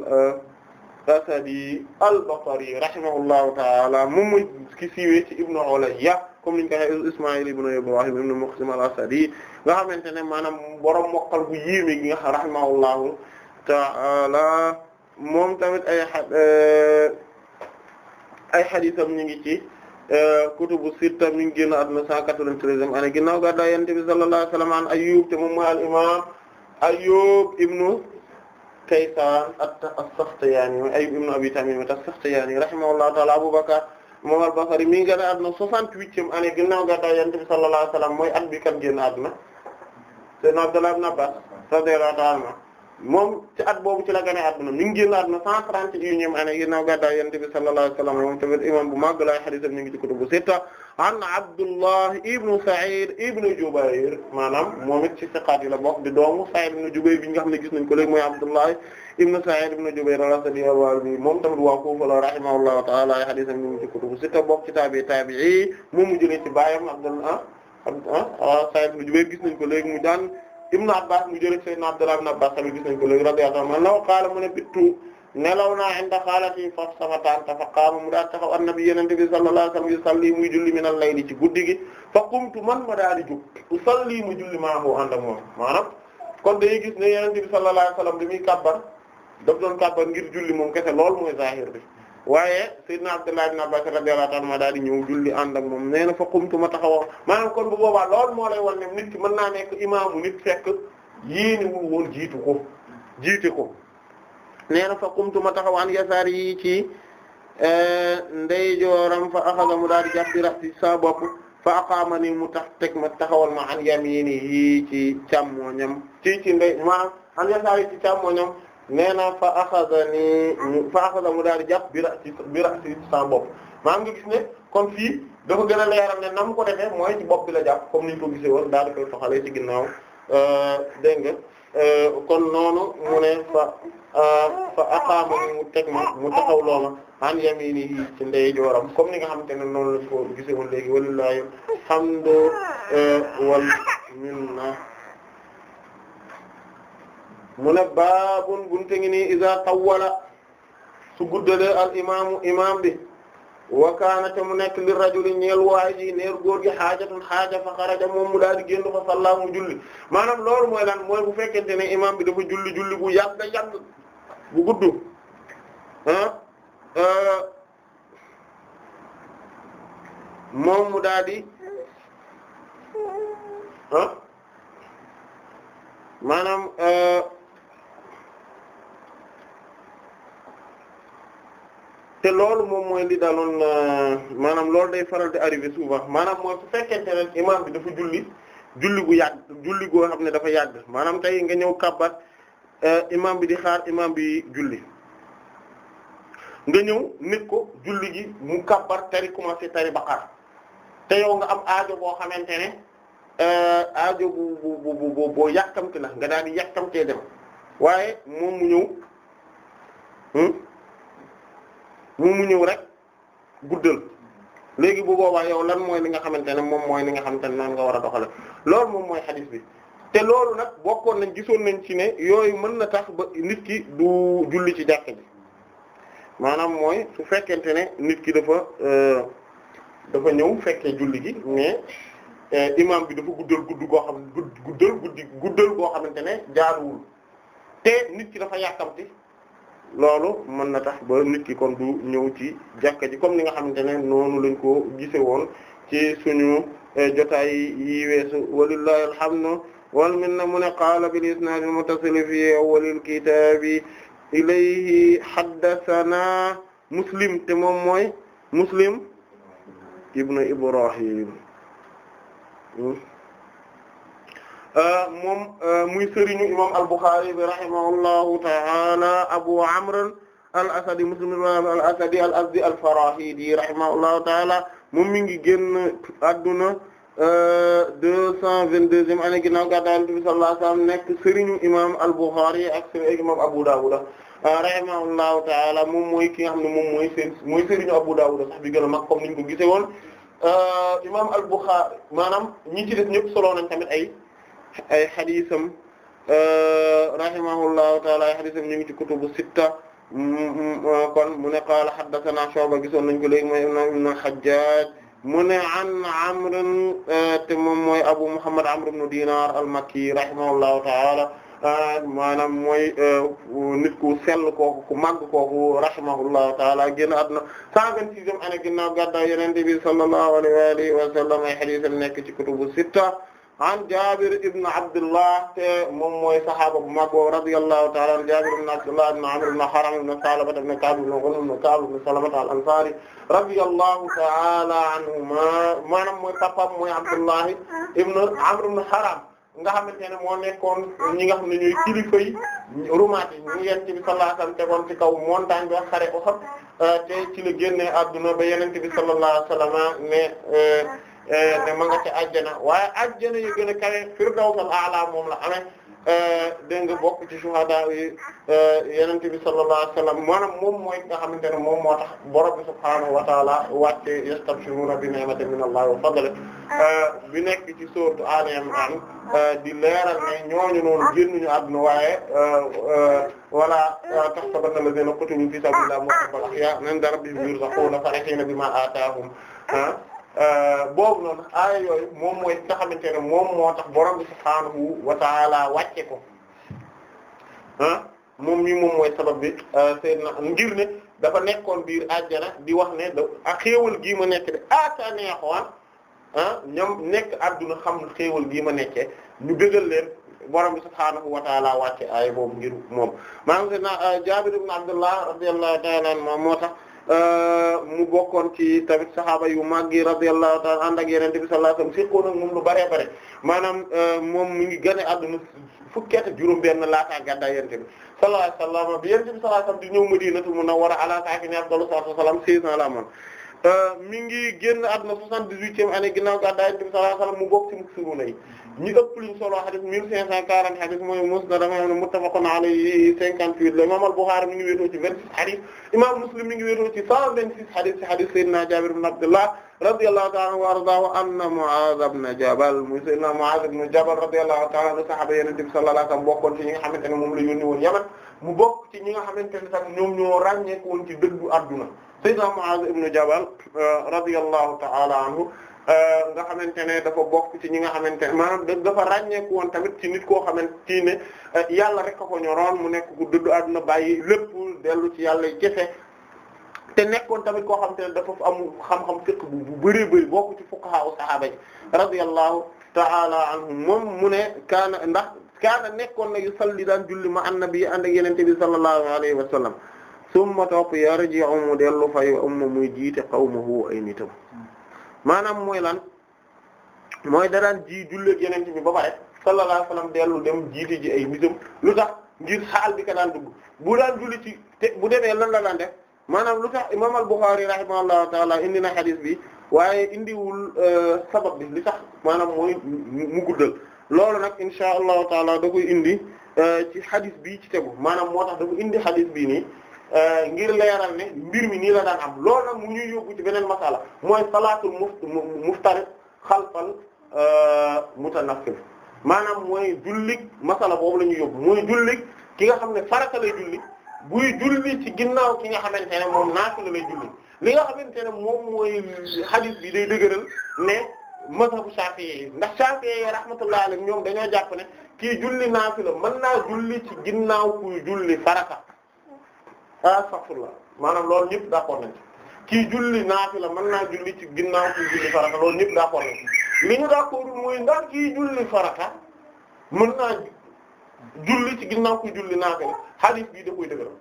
Asadi al-Basri rahimahullahu ta'ala moom mooy ki siiwee ci Ibnu Ulayya comme niñ ko waxee Ismaïl ibn Ibrahim ibn Muqsim al-Asadi nga xamante ne maanaam borom mokkal bu yéeme gi nga xam rahimahullahu ta'ala moom tamit ay euh, ay xadiisam ñu ngi ci euh, kutubu sitta mi ngi génn àdduna 193e année ginnaaw gàddaay Yonent bi sallallahu alayhi wa sallam an Ayyub te al-Imam Ayyub ibnu Kaysaan as-Saxtiyaani ay ibnu Abi Tamiima as-Saxtiyaani rahimahullahu ta'ala Abu Bakr moom al-Basri mi ngi génn àdduna 68e année ginnaaw gàddaay Yonent bi sallallahu alayhi wa sallam mooy at bi kan génn àdduna Seydina Abdullah ibn Abbaas radiyallahu ta'ala anhu moom ci at boobu ci la gane àdduna mi ngi génn àdduna 131e année ginnaaw gàddaay Yonent bi sallallahu alayhi wa sallam moom tamit imaam bu mag la hadiisam mi ngi ci kutubu sitta an Abdullah ibnu Sa'id ibnu Jubayr maanaam moom i ci siqaat yi la bokk di doomu Sa'id ibnu Jubayr bi nga ne gis nañ ko léegi mooy Abdullah ibnu Sa'id ibnu Jubayr al-Asadi al-Wa'ili moom tamit waa Kufa la rahimahullahu ta'ala ay hadiisam ñu ci kutubu sitta bokk ci taabi taabi'i moom mu jëlee ci baayam Abdullah ah, ah Sa'id ibnu Jubayr gis nañ ko léegi mu daan Abdullah ibnu Abbas tamit gis nañ ko léegi radiyallahu anhu qaala mu bittu nelaw naa inda xaalati fa samataan fa qaama mu daal taxaw annabi yenente bi sallallahu alayhi wasallam yusalli muy julli min al-layli ci guddi gi fa qumtu man ma daal di jóg usalli mu julli maahu ànd ak moom maanaam kon dañuy gis ne yenente bi sallallahu alayhi wasallam damuy kàbbar daf doon kàbbar ngir julli moom kese lool mooy zahir bi waaye naa Abdullah ibn Abbas radiyallahu ta'ala ma daal di ñëw julli ànd ak moom nee fa qumtu ma taxaw maanaam kon bu boobaa loolu moo lay wan ne ki mën naa nekk imaamu nit fekk yéene wul woon jiitu ko jiite ko nee na fa qumtu ma taxaw an yasaar yi ci e, ndeyjooram fa axada mu daal di jàpp rasi sa bopp fa aqaama mu tax teg ma taxawal ma an yaminihi ci càmmoñam ci ci ma an yasaar na fa axada ni mu daal di bi rasi bi rasi sa bopp maa ngi gis ne kon fii dafa gën a leeral ne na mu ko defee mooy ci bopp bi la jàpp comme ni ñu ko gisee woon daal di koy soxalee ci ginnaaw e, nga Euh, kon noonu mu fa euh, fa aqaama mu teg ma mu taxaw loo ma an yaminihi ci comme ni nga xamante ne noonu la ko gisee woon léegi walillahi alhamdu euh, wal minna mu ne baabun bunte ngi nii iza tawwala su guddale al imaamu imaam bi wa te mu nekk li rajuli ñeel waay ji neer góor gi xaajatun xaaja fa xaraja moom mu daal di génn fa mu julli maanaam loolu mooy lan mooy bu fekkente ne imam bi dafa julli julli bu yàgg yàgg bu gudd ah, euh, moom mu daal di ah, euh, loolu moom mooy li daloon euh, maanaam loolu day faral di arrivé souvent maanaam mooy su fekkente ne imaam bi dafa julli julli gu yàgg julli goo xam ne dafa yàgg maanaam tey nga ñëw kàbbat euh, imaam bi di xaar imaam bi julli nga ñëw nit ko julli gi mu kàbbat tari commencé tari baqar te yow nga am aajo boo xamante ne euh, aajo bu bu bu bu boo yàkkamti nga daal di yàkkamtee dem waaye moom mu ñëw. Hmm? moom mu ñëw rek guddal léegi bu boobaa yow lan mooy li nga xamante ne moom mooy li nga xamante ne noonu nga war a doxale loolu moom mooy xadis bi te loolu nag bokkoon nañ gisoon nañ ci ne yooyu mën na tax ba nit ki du julli ci jàkka ji maanaam mooy su fekkente ne nit ki dafa euh, dafa ñëw fekkee julli gi mais euh, imam bi dafa guddal gudd goo xam guddal guddi guddal goo xamante ne jaaruwul te nit ki dafa yàkkamti loolu mën na tax ba nit ki kon du ñëw ci jàkka ji comme ni nga xamante ne noonu lañ ko gise woon ci suñu eh, jotaay yi weesu walillahi alhamdu wal minna mu ne qaala bil isnaad al muttasil fi awwalil kitaabi ilayhi haddathana muslim te moom mooy muslim ibnu ibrahim hmm? moom muy sëriñu imam al-Bukhari bi rahimahullahu ta'ala Abu Amr al-Asadi Muslim al-Asadi al-Azdi al-Farahidi rahimahullahu ta'ala moom mi ngi génn adduna euh, deux cent vingt-deuxième année ginnaaw gàddaay Yonent bi sallallahu nekk sëriñu imam al-Bukhari ak sëriñu imam Abu Dawud euh, rahimahullahu ta'ala moom mooy ki nga xam ne moom mooy seen mooy sëriñu Abu Dawud sax bi gën a mag comme niñ ko gisee woon euh, al-Bukhari maanaam ñi ci def solo nañ tamit ay ay xadisam euh, rahimahullahu taala ay xadisam ñu ngi ci kutubu sitta kon mu ne qaala haddathana Shu'ba gisoon nañ ko léegi mooy ibn al-Hajjaj mu ne an Amr euh, te moom mooy Abu Muhammad Amr ibn Dinar al-Makki rahimahullahu taala euh, maanaam mooy nit ku sell kooku ku màgg kooku rahimahullahu taala génn àdduna 126e année ginnaaw gàddaay Yonent bi sallallahu alayhi wa alihi wa sallam ay hadiisam nekk ci kutubu sitta an Jaabir ibn Abdullah te moom mooy saxaaba bu mag boobu radiyallahu ta'ala an Jaabir ibn Abdullah ibn Amr ibn Haram ibn Salaba ibn Ka'b ibn Ghanm ibn Ka'b ibn Salaba al-Ansari radiyallahu ta'ala anhuma maanaam mooy papaam mooy Abdullah ibn Amr ibn Haram nga xamante ne moo nekkoon ñi nga xam ne ñooy kilifa yi rumaat yi ñu yonent bi sallallahu alayhi wasallam tegoon ci kaw montagne bi ak xare Uhud te ci la génnee adduna ba yonent bi sallallahu alayhi wasallam ne. Eh, ne ma nga ca ajjana waaye ajjana yu gën a kawe firdawsal moom la amee eh, dégg nga bokk ci shuhada yi eh, bi sallallahu alayhi wasallam moom mooy nga xamante ne moom moo tax borom bi subhaanahu wa ta'ala wàcce yastabshiruna bi ni'matin min allahi wa fadlin bi nekk ci sourate Ali Imran di leeral ne ñooñu noonu génnuñu àdduna waaye wala tahsabanna alladhina qutilu fi sabilillahi amwaatan bal ahyaa' 'inda rabbihim yurzaquna aataahum Euh, boobu noonu aaya yooyu moom mooy nga moom moo tax borom bi subhaanahu wa ta'ala wàcce ko moom mi moom mooy sabab bi euh, sayyidna ngir ne dafa nekkoon biir àjjana di wax ne da ak ah, xéewal gii ma nekk de ata ah, neexoon ah. nekk adduna xam xéewal gii ma nekkee ñu bégal leen borom bi subhaanahu wa ta'ala wàcce aaya boobu ngir moom maanaam euh, Jaabir ibn Abdullah radiyallahu ta'ala anhu moom moo tax Euh, mu bokkoon ci tamit saxaaba yu mag yi radiyallahu ta'ala ànd ak Yonent bi sallallahu alayhi wasallam siqoon moom lu bare bare maanaam euh, moom mi ngi gane àdduna fukki at ak juróom-benn laataa gàddaay Yonent bi sallallahu alayhi wasallam bi Yonent bi sallallahu alayhi wasallam di ñëw Madinatul Munawwara ala saakinihaa afdalu salaatu wa salaam 16 ans la amoon Euh, mi ngi génn àdduna soixante-dix-huitième année ginnaaw gàddaay Yonent bi sallallahu mu bokk ci muksiruna yi ñi ëpp liñ solo hadith mille cinq cent quarante hadith mooy musnad dama xam ne muttafaqun alayhi la imam al-Bukhari ci vingt-six hadith Muslim mi ngi wéetoo ci cent vingt-six hadith ci hadith Seydina Jaabir ibn Abdullah radiyallahu ta'ala anhu wa ardaahu anna Mu'aaz ibn Jabal muy Seydina Mu'aaz ibn Jabal radiyallahu ta'ala anhu sahaaba Yonent bi sallallahu alayhi ci ñi nga xamante ne moom la mu bokk ci ñi nga xamante ne sax ñoom ñoo ràññeeku woon ci dëggu adduna Sayyidina Mu'adh ibn Jabal euh, radiyallahu ta'ala anhu euh, nga xamante ne dafa bokk ci ñi nga xamante ne maanaam dafa ràññeeku woon tamit ci nit koo xamante ne euh, yàlla rek a ko ñoroon mu nekk ku dëddu àdduna bàyyi lépp dellu ci yàlla jafe te nekkoon tamit koo xamante ne dafa am xam-xam fiqh bu bu bëri bëri bokk ci fuqaha u sahaaba yi radiyallahu ta'ala anhum moom mu ne kaana ndax kaana nekkoon na yu salli daan julli ma annabi ànd ak yenente bi sallallahu alayhi wa sallam summa topp yarji'u mu dellu fa yu umma muy jiite qawmuhu ay nitam maanaam mooy lan mooy daraan ji julleeg yeneen bi ba pare sallallahu alayhi wasallam dellu ji ay nitam lu tax ngir xaal bi ka daan dugg bu daan julli ci te bu demee lan la daan def maanaam lu tax imaam al-Bukhari rahimahullahu ta'ala indi na hadith bi waaye indiwul euh, sabab bi li tax maanaam mooy mu guddal loolu nag insha allahu taala da indi euh, ci hadith bii ci tegu maanaam moo tax da indi hadith bii nii. Euh, ngir leeral ne mbir mi nii la daan am loolu mu ñuy yóbbu ci beneen masala mooy salaatul muftarid xalfal euh, mutanaffil maanaam mooy jullig masala boobu la ñuy yóbbu mooy jullig ki nga xam ne farata lay julli buy julli ci ginnaaw ki nga xamante ne moom naafila lay julli li nga xamante ne moom mooy hadith bi day dëgëral ne mazhabu Shafi'i yi ndax Shafi'i yi rahmatullahi alayhim ñoom dañoo jàpp ne kii julli naafila mën naa julli ci ginnaaw kuy julli farata astaghfirullah maanaam loolu ñëpp d'accord nañ kii julli naafila mën naa julli ci ginnaaw kii julli farata loolu ñëpp d'accord nañ li ñu d'accord mooy ndax kii julli farata mën julli ci ginnaw kii julli naafila hadith bii da koy dëgëral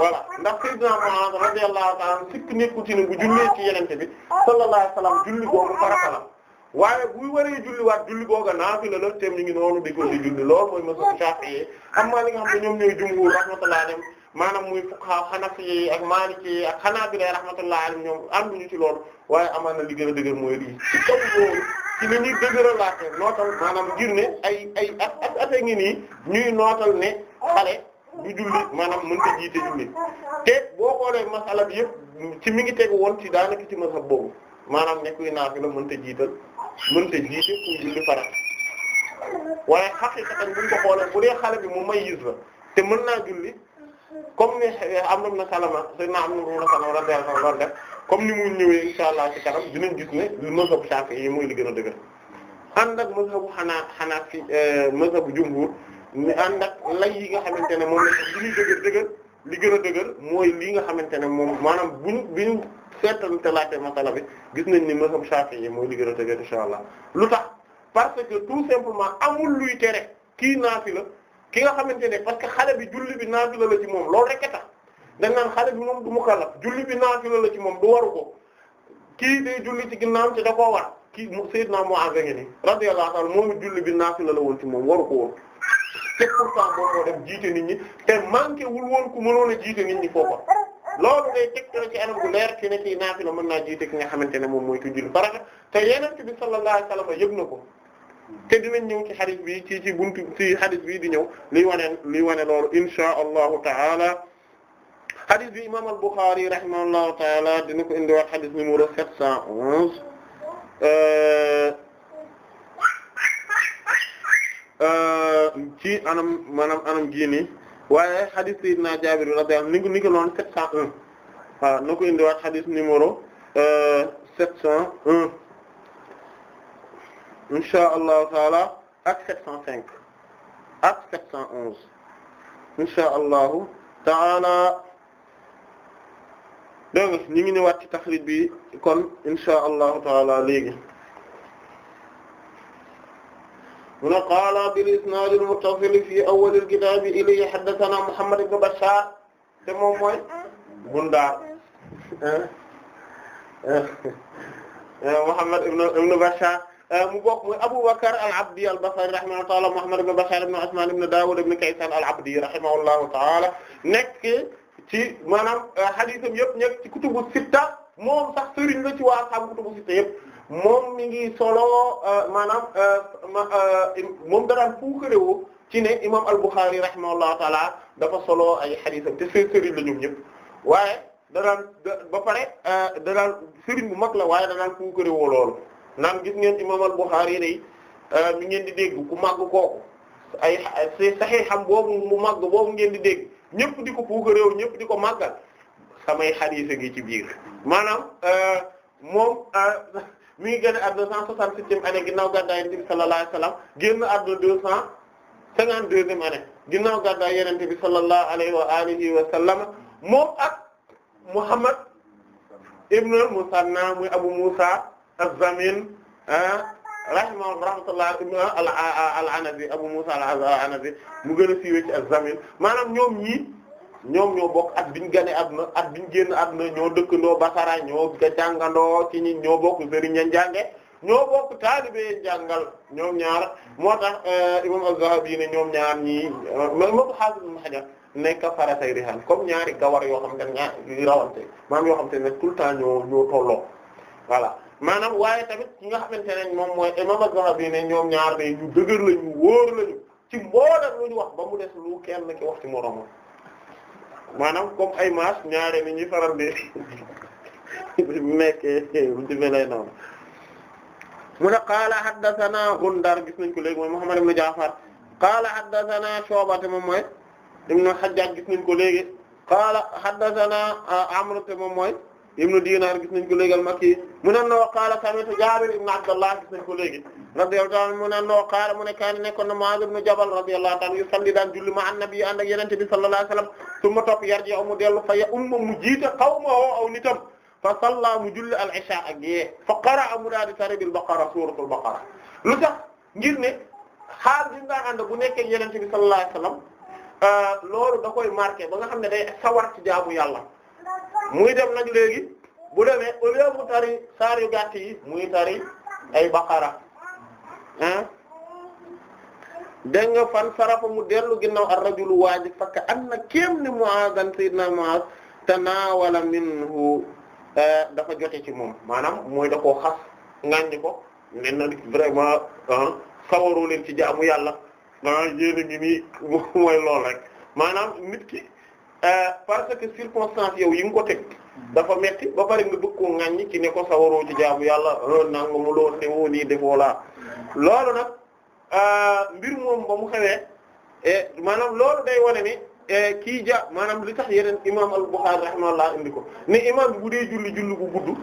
voilà ndax sayyidina Muhammad radiyallahu ta'ala sikk nekku ci ne bu jullee ci yenente bi sallallahu alayhi wasallam julli googu farata la waaye buy waree julli waat julli googa naafila la teem ñu ngi noonu di ko julli loolu mooy ma so Shafi'i amma li xam ne ñoom ñooy jumhur maanaam muy fuqaha xanafi yi ak maliki yi ak xanaabila rahmatullah alayhim ñoom ñu ci loolu waaye amaan a li gën a dëgër mooy lii ci kaw loolu ci la ñuy dëgëralaate nootal maanaam ngir ne ay ay ak ak ate ngi nii ñuy nootal ne xale du julli maanaam mënta jiite julli te boo xoolee masala bi yëpp ci mi ngi tegu woon ci daanaka ci masab boobu maanaam ne kuy naafila mënta jiital mënta jiite kuy julli farat waaye xaqiqatan buñ ko xoolee bu dee xale bi mu mayyis la te mën naa julli comme ni eh, Amr ibn Salama Seydina Amr ibn Salama radiyallahu anhu doon def comme ni mu ñëwee insha Allah ci kanam dinañ gis ne du mazhab Shafi'i yi mooy li gën a dëgër ànd ak mazhabu xanaa xanaa fi eh, mazhabu jumhur ne ànd ak lay nga xamante ne moom la li ñuy dëgër dëgër li gën a dëgër mooy li nga xamante ne moom maanaam buñ ñu seetal te laajte masala bi gis nañ ni mazhab Shafi'i yi mooy li gën a insha Allah lu tax parce que tout simplement amul luy tere kii naafi la ki nga xamante ne parce que xale bi julli bi naafila la ci moom loolu rek a tax dañ naan xale bi moom du mukallaf julli bi naafila la ci moom du waru ko kii day julli ci ginnaawam ci da ko war kii mu Seydina Mu'adh ngi ni radiyallahu ta'ala moom julli bi naafila la woon ci moom waru ko woon te pourtant boo ko def jiite nit ñi te manqué wul woon ku mënoon a jiite nit ñi foofa loolu day tegtale ci anam bu leer ci ne naafila mën naa jiite ki nga xamante ne moom mooy ku julli farata te na ko. te dinañ ñëw ci xadis bi ci ci buntu ci xadis bi di ñëw liy wane liy wane loolu inshaa allahu taala xadis bi imam al-Bukhari rahimahullahu taala dina ko indiwaat xadis numéro sept cent onze euh, euh, ci anam maanaam anam gii nii waaye xadis sayyidina Jaabir radiyallahu anhu ni ni ko noon sept cent un waaw na ko indiwaat xadis numéro euh, sept cent un insha allahu taala ak 705 ak 711 insha allahu taala dégg nga ñu ngi ñëwaat ci taxrij bi kon insha allahu taala léegi muna qaala bil isnaad al muttasil fi awwal al kitaab ilayhi haddathanaa Muhammad ibn Bashaar te moom mooy Bundaar eh? eh? eh, Muhammad ibn ibn Bashaar Euh, mu bokk mooy Abu Bakr al-Abdi al-Basri rahimahullahu ta'ala Muhammad ibn Bashar ibn Usman ibn Dawud ibn Kaysan al-Abdi rahimahullahu ta'ala nekk ci maanaam euh, haditham yëpp nekk ci kutubu sitta moom sax sëriñ la ci waa xam kutubu sitta yëpp moom mi ngi solo euh, maanaam moom daraan fuukarewo ci ne imam al-Bukhari rahimahullahu ta'ala dafa solo ay haditham te seen sëriñ la ñoom ñëpp waaye danaan ba pare danaan sëriñ bu mag la waaye danaan fuukarewo loolu naan gis ngeen imam al-Bukhari euh, mi ngeen di dégg ku màgg kooku ay xam boobu mu màgg boobu ngeen di dégg ñëpp di ko puuk rew ñëpp di ko màggal samay xadiis ngi ci biir maanaam euh, moom euh, mi ngi génn àdduna 167e année ginnaaw gàddaay Yonent bi sallallahu alayhi wasallam génn àdduna 252e année ginnaaw gàddaay Yonent bi sallallahu alayhi wa alihi wa sallam moom ak Muhammad ibn Musanna muy Abu Musa az-Zamin ah, rahimahu rahmatullah al-Anazi Abu Musa al-Anazi mu gën a siiwee ci az-Zamin ñoom ñii ñoom ñoo bokk at biñ gane àdduna at biñ génn àdduna ñoo dëkkandoo Basara ñoo jàngandoo ci ñi ñoo bokk sëriñ ña ñoo bokk taalibe njàngal ñoom ñaar moo tax eh, imam az ñoom ñaar ñii eh, moom xaalis mu xaja nekk faratay rihan comme ñaari gawar yoo xam ne ñaar rawante maanaam yoo xam te ne tout ñoo ñoo maanaam waaye tamit ki nga xamante ne moom mooy imam Az-Zahabi ne ñoom ñaar ne ñu dëgër la ñu wóor la ñu ci wax ba mu des lu kenn ki wax ci moroomam maanaam comme ay maas ñaare ni ñuy faral di nekkee bu ci melay noonu mu ne qaala haddathana Gundar gis nañ ko léegi mooy Muhammad ibn Ja'far qaala haddathana Shu'ba te moom mooy ibn Hajjaj gis nañ ko léegi qaala haddathana Amr te moom mooy ibnu Dinar gis nañ ko léegi al-Makki mu ne noo qaala sami'tu Jaabir ibn Abdullah gis nañ ko léegi radiyallahu anhu mu ne noo qaala mu ne kaana nekkoon na Mu'aaz ibn Jabal radiyallahu ta'ala yusalli daan julli ma an-nabi ànd ak Yonent bi sallallahu alayhi wasallam summa topp yarji'u mu dellu fa ya'ummu mu jiite qawmahu aw nitam fa salla mu julli al-isha ak gée fa qara'a mu daal di tari bil Baqara suuratul Baqara lu tax ngir ne xaal bi nga ànd bu nekkee Yonent bi sallallahu alayhi wasallam euh, loolu da koy marqué ba nga xam ne day sawar ci jaamu yàlla muy dem nag léegi bu demee au lieu mu tari saar yu gàtt yi muy tari ay baqara ah dégg nga fan sarafa mu dellu ginnaaw ar-rajulu waaji fakka an na kéem ni Mu'adh sayyidina Mu'adh tanaawala minhu eh, dafa jote ci moom maanaam mooy da koo xas ngàññi ko ne na vraiment sawaru leen ci jaamu yàlla ah yéen ngi nii mooy lool rek maanaam nit ki Euh, parce que circonstance yow yi nga ko teg dafa metti ba pare nga bëgg ko ŋaññi ci ne ko sa waroo ci jaamu yàlla nanga mu loon ne woo nii defoo laa loolu nag euh, mbir moom ba mu xewee eh, maanaam loolu day wane ni eh, kii ja maanaam li tax yeneen imam al-Bukhari laa indi ko ne imam bi bu dee julli julli bu gudd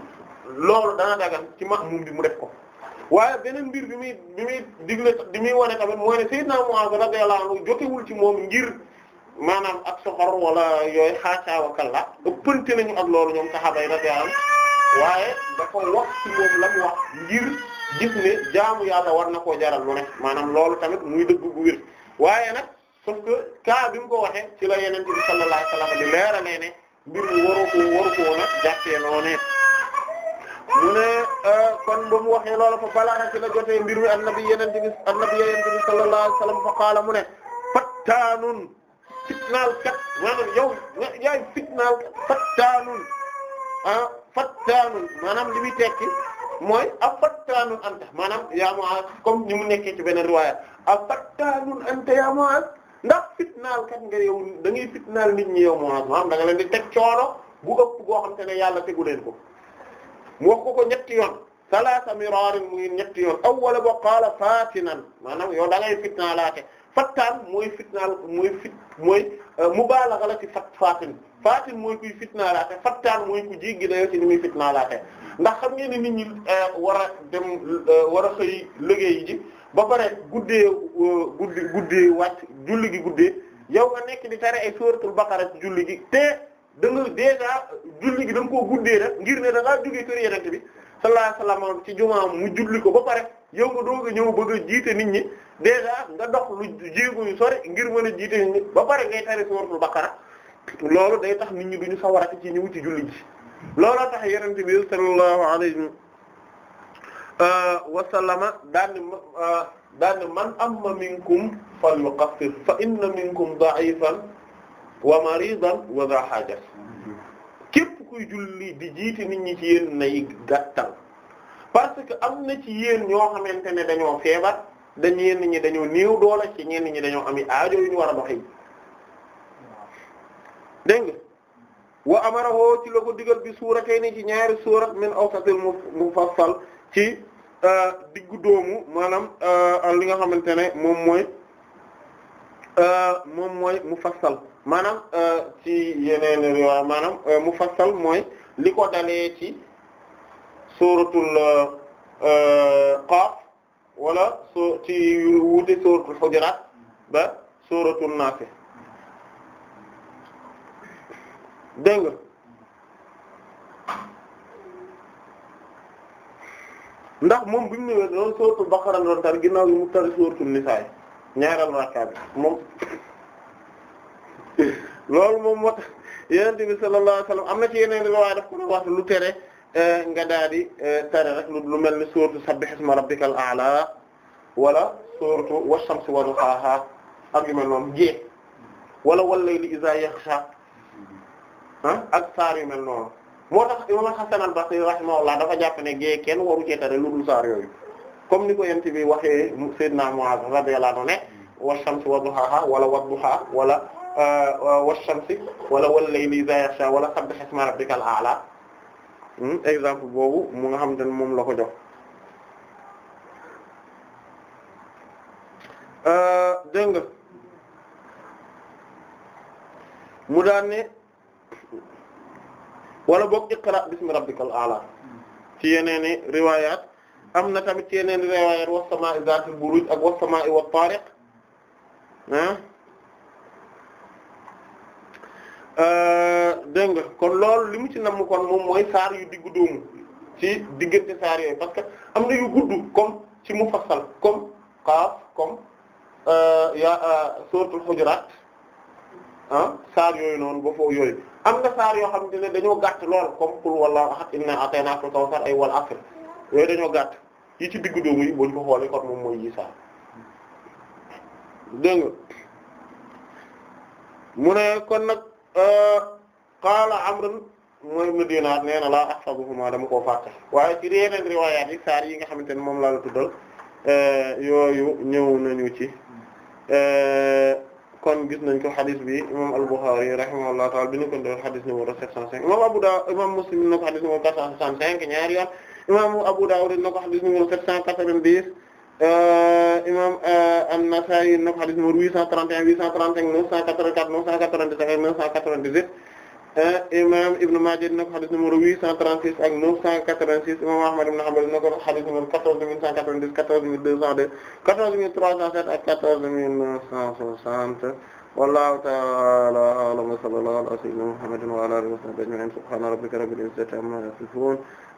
loolu dana dagan ci ma'mum bi mu def ko waaye beneen mbir bi muy bi muy digle di muy wane tamit mooy ne Sayyidna Mu'adh radiyallahu anhu jotewul ci moom ngir maanaam ak soxor wala yooyu xaacaawa kalla ëppante nañu ak loolu ñoom saxaaba yi radiyallahu waaye dafa wax ci moom la mu wax gis ne jaamu yàlla war na koo jaral lu ne maanaam loolu tamit muy dëgg bu wér waaye nag sauf que cas ko waxee ci la yeneen bi sallallahu alayhi wasallam di mbir mi waru ko waru ko woon a jàppee noonu mu ne euh, kon ba mu waxee loolu fa a ci la jotee mbir mi annabi yenen bi annabi yeneen bi sallallahu alayhi wasallam mu ne fattaanun fitnaal kat maanaam yow yaay fitnaal kat fattaanun ah fattaanun maanaam li muy tekki mooy a fattaanun anta maanaam yaa Mu'aaz comme ni mu nekkee ci beneen riwaaya a fattaanun anta yaa Mu'aaz ndax fitnaal kat nga yow da ngay fitnaal nit ñi yow Mu'aaz maanaam da leen di teg coono bu ëpp goo xam te ne yàlla tegu leen ko mu wax ko ko ñetti yoon salaasa miraarin muy ñetti yoon awwala ba qaala faatinan maanaam yow da ngay fitnaalaate fattaan mooy fitnaal mooy fit mooy euh, mubaalaxa la ci fat faatin faatin mooy kuy fitnaalaate fattaan mooy ku jéggi dayoo ci ni muy fitnaalaate ndax xam ngeen ne nit ñi euh, war a euh, war a xëy liggéey ji ba pare guddee guddi guddee wàcc julli gi guddee yow nga nekk di tare ay suuratul baqara ci julli gi te da nga dèjà julli gi da koo guddee rek ngir ne da ngaa jógee kër yeneen bi sallallahu alayhi ci jumaa mu julli ko ba pare yow nga doog a ñëw bëgg a jiite nit ñi déjà nga dox lu jéego yu sori ngir mën a jiite nit ñi ba pare ngay tari suuratul baqara loolu day tax nit ñi duñu sawarati ci ñëw ci julli ji looloo tax yonent bi sallallahu alayhi wa sallama daan daan man amma minkum falyuqaffir fa inna minkum da'ifan wa maridan wa dha haja képp kuy julli di jiite nit ñi ci yéen nay gàttal parce que am na ci yéen ñoo xamante ne dañoo feebar dañ ñenn ñi dañoo néew doole ci ñenn ñi dañoo ami aajo yu ñu war a doxee dégg nga wa amarahu ci la ko digal bi suuratayni ci ñaari suurat min mu mufassal ci euh, diggu doomu maanaam euh, li nga xamante ne moom mooy euh, moom mooy mufassal maanaam ci yeneen riwaaya mu mufassal mooy li ko dalee ci. suratul euh, Qaaf wala su ci wuute suratul Hujurat ba suratul Naas dégg nga ndax moom bi mu ñëwee Baqara doon tar ginnaaw yi mu tari suratul Nisaa ñaareelu rakkaa bi moom loolu moom moo tax Yonent bi wasallam am na ci yeneen riwaaya daf ko wax lu tere Eh, nga daal di eh, rek lu mel ni suuratu sabbih isma rabbikal a'la wala suuratu wash-shamsi wa duhaaha ak mel noonu jeex wala wal-layli idhaa yaghshaa ah ak yu mel noonu moo tax imam Hasan al-Basri rahimahullah dafa jàpp ne gée kenn waru cee tari lu dul saar yooyu comme ni ko yent bi waxee Seydina Muaz radiyallahu anhu ne wash-shamsi wa duhaaha wala wad-duhaa wala eh, wash-shamsi wala wal-layli idhaa yaghshaa wala sabbih isma rabbikal Hmm, exemple boobu mu nga xamante ne moom la ko jox euh, dégg nga mu daan ne wala boog iqra bismi rabbikal a'la ci yeneeni riwaayaat am na tamit ci yeneeni riwaayaat was samaa'i zaatil buruj ak was samaa'i wat taariq ah Euh, dégg nga kon loolu li mu ci namm kon moom mooy saar yu diggu doomu ci diggante saar yooyu parce que am na yu gudd comme ci mu mufassal comme Qaaf comme euh, yaa euh, suratul Hujurat ah saar yooyu noonu ba foofu yooyu am na saar yoo xamante ne dañoo gàtt lool comme qul wallahu ahad inna ataynaakal kawsar ay wal asr yooyu dañoo gàtt yi ci diggu doomu yi buñ ko xoolee kon moom mooy yi saar dégg mu ne kon nag Euh, qaala Amr mooy ibn Dinaar nee na laa ahsabuhuma dama koo fàtte waaye ci yeneen riwaayaat yi saar yi nga xamante ne moom laa la tuddal euh, yooyu ñëw nañu ci euh, kon gis nañ ko xadis bi imam al-Bukhari rahimahullahu ta'ala bi ñu ko doon xadis numéro 705 imam Abu Dawud imam Muslim na ko xadis numéro 465 ñaari yoon imam Abu Dawud na ko xadis numéro 790 Euh, imam euh, an-Nasa'i na ko xadis numéro 831 835 984 997 ak 998 euh, imam Ibn Maaja na ko xadis numéro 836 ak 986 imam Ahmad ibn Hanbal na ko xadis numéro 14190 14202 14307 ak 14960 wallahu ta'ala a'lam wa sallallahu ala sayyidina Muhammadin wa ala alihi wa sahbihi ajma'in subhana rabbika rabbil izzati amma yasifun